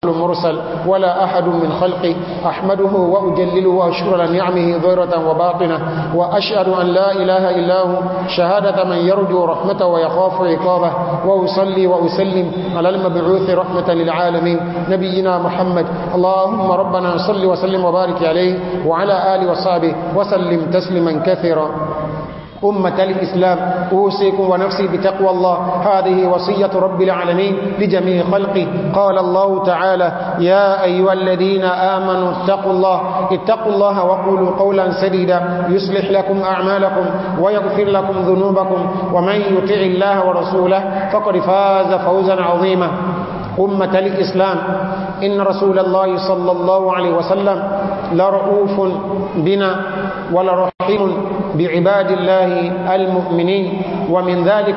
المرسل ولا أحد من خلقي أحمده وأجلله وأشكر لنعمه ظهرة وباطنة وأشهد أن لا إله إلا هو شهادة من يرجو رحمته ويخاف عقابه وأصلي وأسلم على المبعوث رحمة للعالمين نبينا محمد اللهم ربنا صل وسلم وبارك عليه وعلى آله وصحبه وسلم تسلما كثيرا أمة الإسلام أوصيكم ونفسي بتقوى الله هذه وصية رب العالمين لجميع خلقه قال الله تعالى يا أيها الذين آمنوا اتقوا الله اتقوا الله وقولوا قولا سديدا يصلح لكم أعمالكم ويغفر لكم ذنوبكم ومن يطع الله ورسوله فقد فاز فوزا عظيما أمة الإسلام إن رسول الله صلى الله عليه وسلم لرؤوف بنا ولرحيم بعباد الله المؤمنين ومن ذلك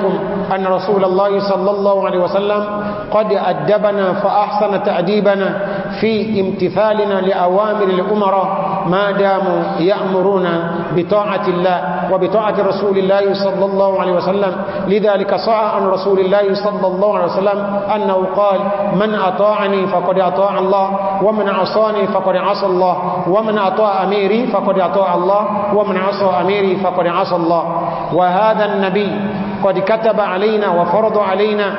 أن رسول الله صلى الله عليه وسلم قد أدبنا فأحسن تأديبنا في امتثالنا لأوامر الأمراء ما داموا يأمرون بطاعة الله وبطاعة رسول الله صلى الله عليه وسلم لذلك صح عن رسول الله صلى الله عليه وسلم أنه قال من أطاعني فقد أطاع الله ومن عصاني فقد عصى الله ومن أطاع أميري فقد أطاع الله ومن عصى أميري فقد عصى الله وهذا النبي قد كتب علينا وفرض علينا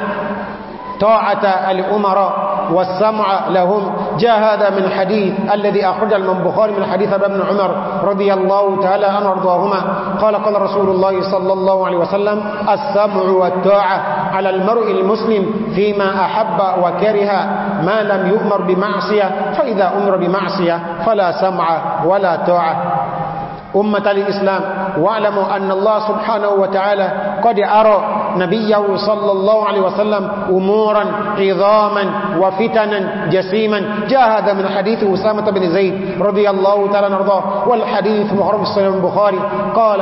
طاعة الأمراء والسمع لهم جاء هذا من الحديث الذي أخرج البخاري من حديث ابن عمر رضي الله تعالى عنه وارضاهما قال قال رسول الله صلى الله عليه وسلم السمع والتاعة على المرء المسلم فيما أحب وكره ما لم يؤمر بمعصية فإذا أمر بمعصية فلا سمع ولا تاعة أمة الإسلام واعلموا أن الله سبحانه وتعالى قد أرى نبيه صلى الله عليه وسلم أمورا عظاما وفتنا جسيما جاء هذا من حديث أسامة بن زيد رضي الله تعالى نرضاه والحديث محرم الصلاة البخاري قال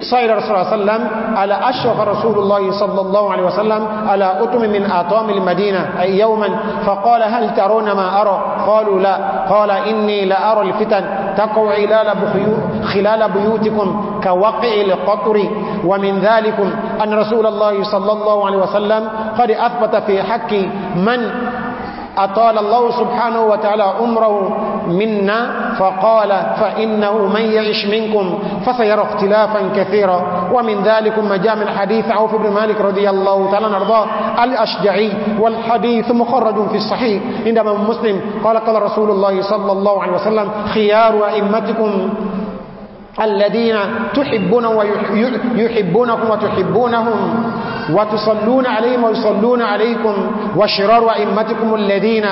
صلى الله عليه وسلم على أشرف رسول الله صلى الله عليه وسلم على أتم من آطام المدينة أي يوما فقال هل ترون ما أرى قالوا لا قال إني لأرى الفتن تقع خلال بيوتكم كوقع القطر ومن ذلكم أن رسول الله صلى الله عليه وسلم قد أثبت في حق من أطال الله سبحانه وتعالى عمره منا فقال فإنه من يعش منكم فسيرى اختلافا كثيرا ومن ذلك ما جاء من حديث عوف بن مالك رضي الله تعالى نرضاه الأشجعي والحديث مخرج في الصحيح عندما مسلم قال قال رسول الله صلى الله عليه وسلم خيار أئمتكم الذين تحبون ويحبونكم وتحبونهم وتصلون عليهم ويصلون عليكم وشرار أئمتكم الذين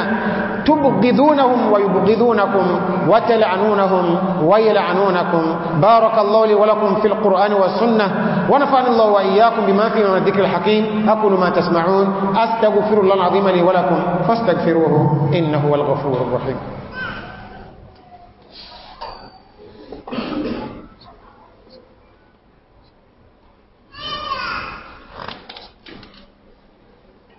تبغضونهم ويبغضونكم وتلعنونهم ويلعنونكم بارك الله لي ولكم في القرآن والسنة ونفعني الله وإياكم بما فيه من الذكر الحكيم أقول ما تسمعون أستغفر الله العظيم لي ولكم فاستغفروه إنه هو الغفور الرحيم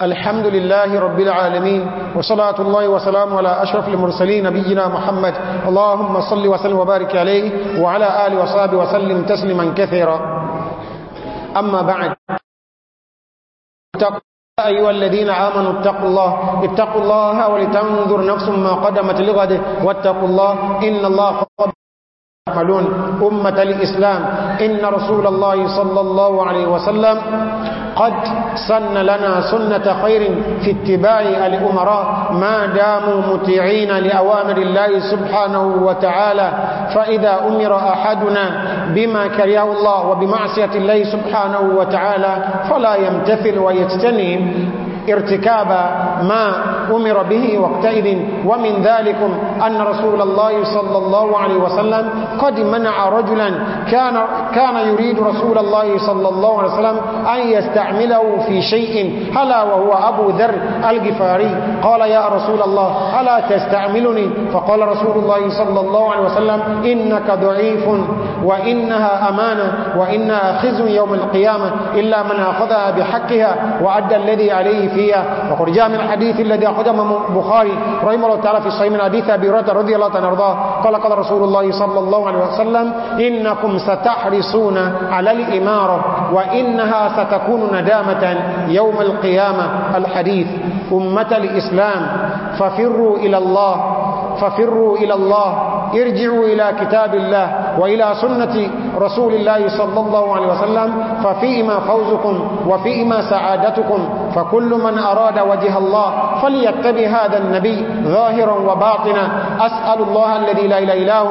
الحمد لله رب العالمين وصلاة الله وسلام على أشرف المرسلين نبينا محمد اللهم صل وسلم وبارك عليه وعلى آله وصحبه وسلم تسلما كثيرا أما بعد أيها الذين آمنوا اتقوا الله اتقوا الله ولتنظر نفس ما قدمت لغده واتقوا الله إن الله يعملون أمة الإسلام إن رسول الله صلى الله عليه وسلم قد سن لنا سنة خير في اتباع الأمراء ما داموا مطيعين لأوامر الله سبحانه وتعالى فإذا أمر أحدنا بما كريه الله وبمعصية الله سبحانه وتعالى فلا يمتثل ويجتنب ارتكاب ما أمر به وقتئذ ومن ذلك أن رسول الله صلى الله عليه وسلم قد منع رجلا كان, كان يريد رسول الله صلى الله عليه وسلم أن يستعمله في شيء هلا وهو أبو ذر الغفاري قال يا رسول الله ألا تستعملني فقال رسول الله صلى الله عليه وسلم إنك ضعيف وإنها أمانة وإنها خز يوم القيامة إلا من أخذها بحقها وأدى الذي عليه في فيها وقد جاء من الحديث الذي من بخاري رحمه الله تعالى في الصحيح من حديث أبي هريرة رضي الله عنه أرضاه قال قال رسول الله صلى الله عليه وسلم إنكم ستحرصون على الإمارة وإنها ستكون ندامة يوم القيامة الحديث أمة الإسلام ففروا إلى الله ففروا إلى الله ارجعوا إلى كتاب الله وإلى سنة رسول الله صلى الله عليه وسلم ففيما فوزكم وفيما سعادتكم فكل من أراد وجه الله فليتبع هذا النبي ظاهرا وباطنا أسأل الله الذي لا إله إلا هو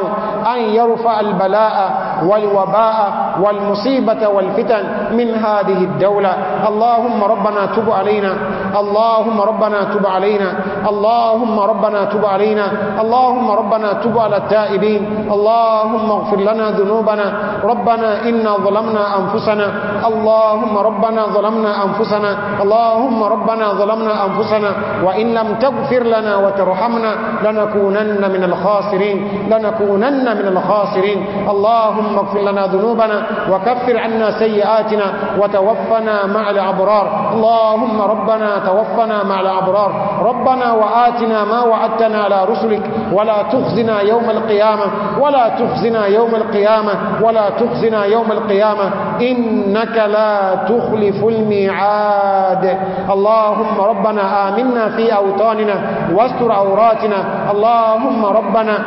أن يرفع البلاء والوباء والمصيبة والفتن من هذه الدولة اللهم ربنا تب علينا اللهم ربنا تب علينا اللهم ربنا تب علينا اللهم ربنا تب على التائبين اللهم اغفر لنا ذنوبنا ربنا إنا ظلمنا أنفسنا اللهم ربنا ظلمنا أنفسنا اللهم ربنا ظلمنا أنفسنا وإن لم تغفر لنا وترحمنا لنكونن من الخاسرين لنكونن من الخاسرين اللهم اغفر لنا ذنوبنا وكفر عنا سيئاتنا وتوفنا مع الأبرار اللهم ربنا ربنا توفنا مع الأبرار ربنا وآتنا ما وعدتنا على رسلك ولا تخزنا يوم القيامة ولا تخزنا يوم القيامة ولا تخزنا يوم القيامة إنك لا تخلف الميعاد اللهم ربنا آمنا في أوطاننا واستر عوراتنا اللهم ربنا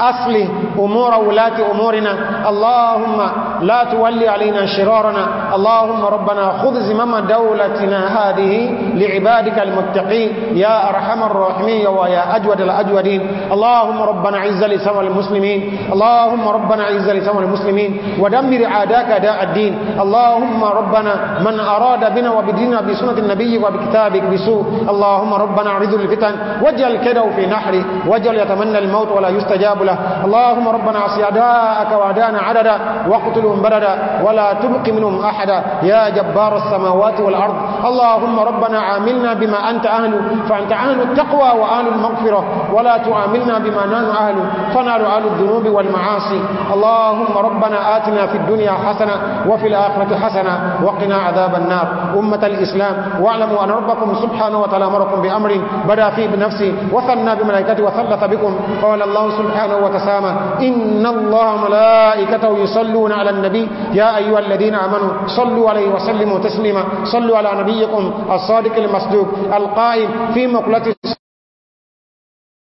أصله أمور ولاة أمورنا اللهم لا تولي علينا شرارنا اللهم ربنا خذ زمام دولتنا هذه لعبادك المتقين يا أرحم الراحمين ويا أجود الأجودين اللهم ربنا عز لسوى المسلمين اللهم ربنا عز لسوى المسلمين ودمر عاداك داء الدين اللهم ربنا من أراد بنا وبدينا بسنة النبي وبكتابك بسوء اللهم ربنا عرض الفتن واجعل كده في نحره واجعل يتمنى الموت ولا يستجاب له اللهم ربنا عصي أداءك وأدانا عددا واقتلوا منهم بردا ولا تبق منهم أحدا يا جبار السماوات والأرض اللهم ربنا عاملنا بما أنت أهل فأنت أهل التقوى وأهل المغفرة ولا تعاملنا بما نحن أهل فنال أهل الذنوب والمعاصي اللهم ربنا آتنا في الدنيا حسنة وفي الآخرة حسنة وقنا عذاب النار أمة الإسلام واعلموا أن ربكم سبحانه وتعالى أمركم بأمر بدأ فيه بنفسه وثنى بملائكته وثلث بكم قال الله سبحانه وتسامى إن الله ملائكته يصلون على النبي يا أيها الذين آمنوا صلوا عليه وسلموا تسليما صلوا على نبيكم الصادق المصدوق القائم في مقلة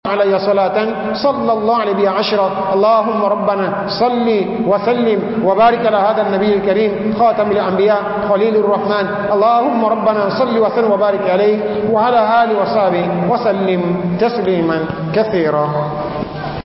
علي صلاة صلى الله عليه بها عشرة اللهم ربنا صلي وسلم وبارك على هذا النبي الكريم خاتم الأنبياء خليل الرحمن اللهم ربنا صلي وسلم وبارك عليه وعلى آله وصحبه وسلم تسليما كثيرا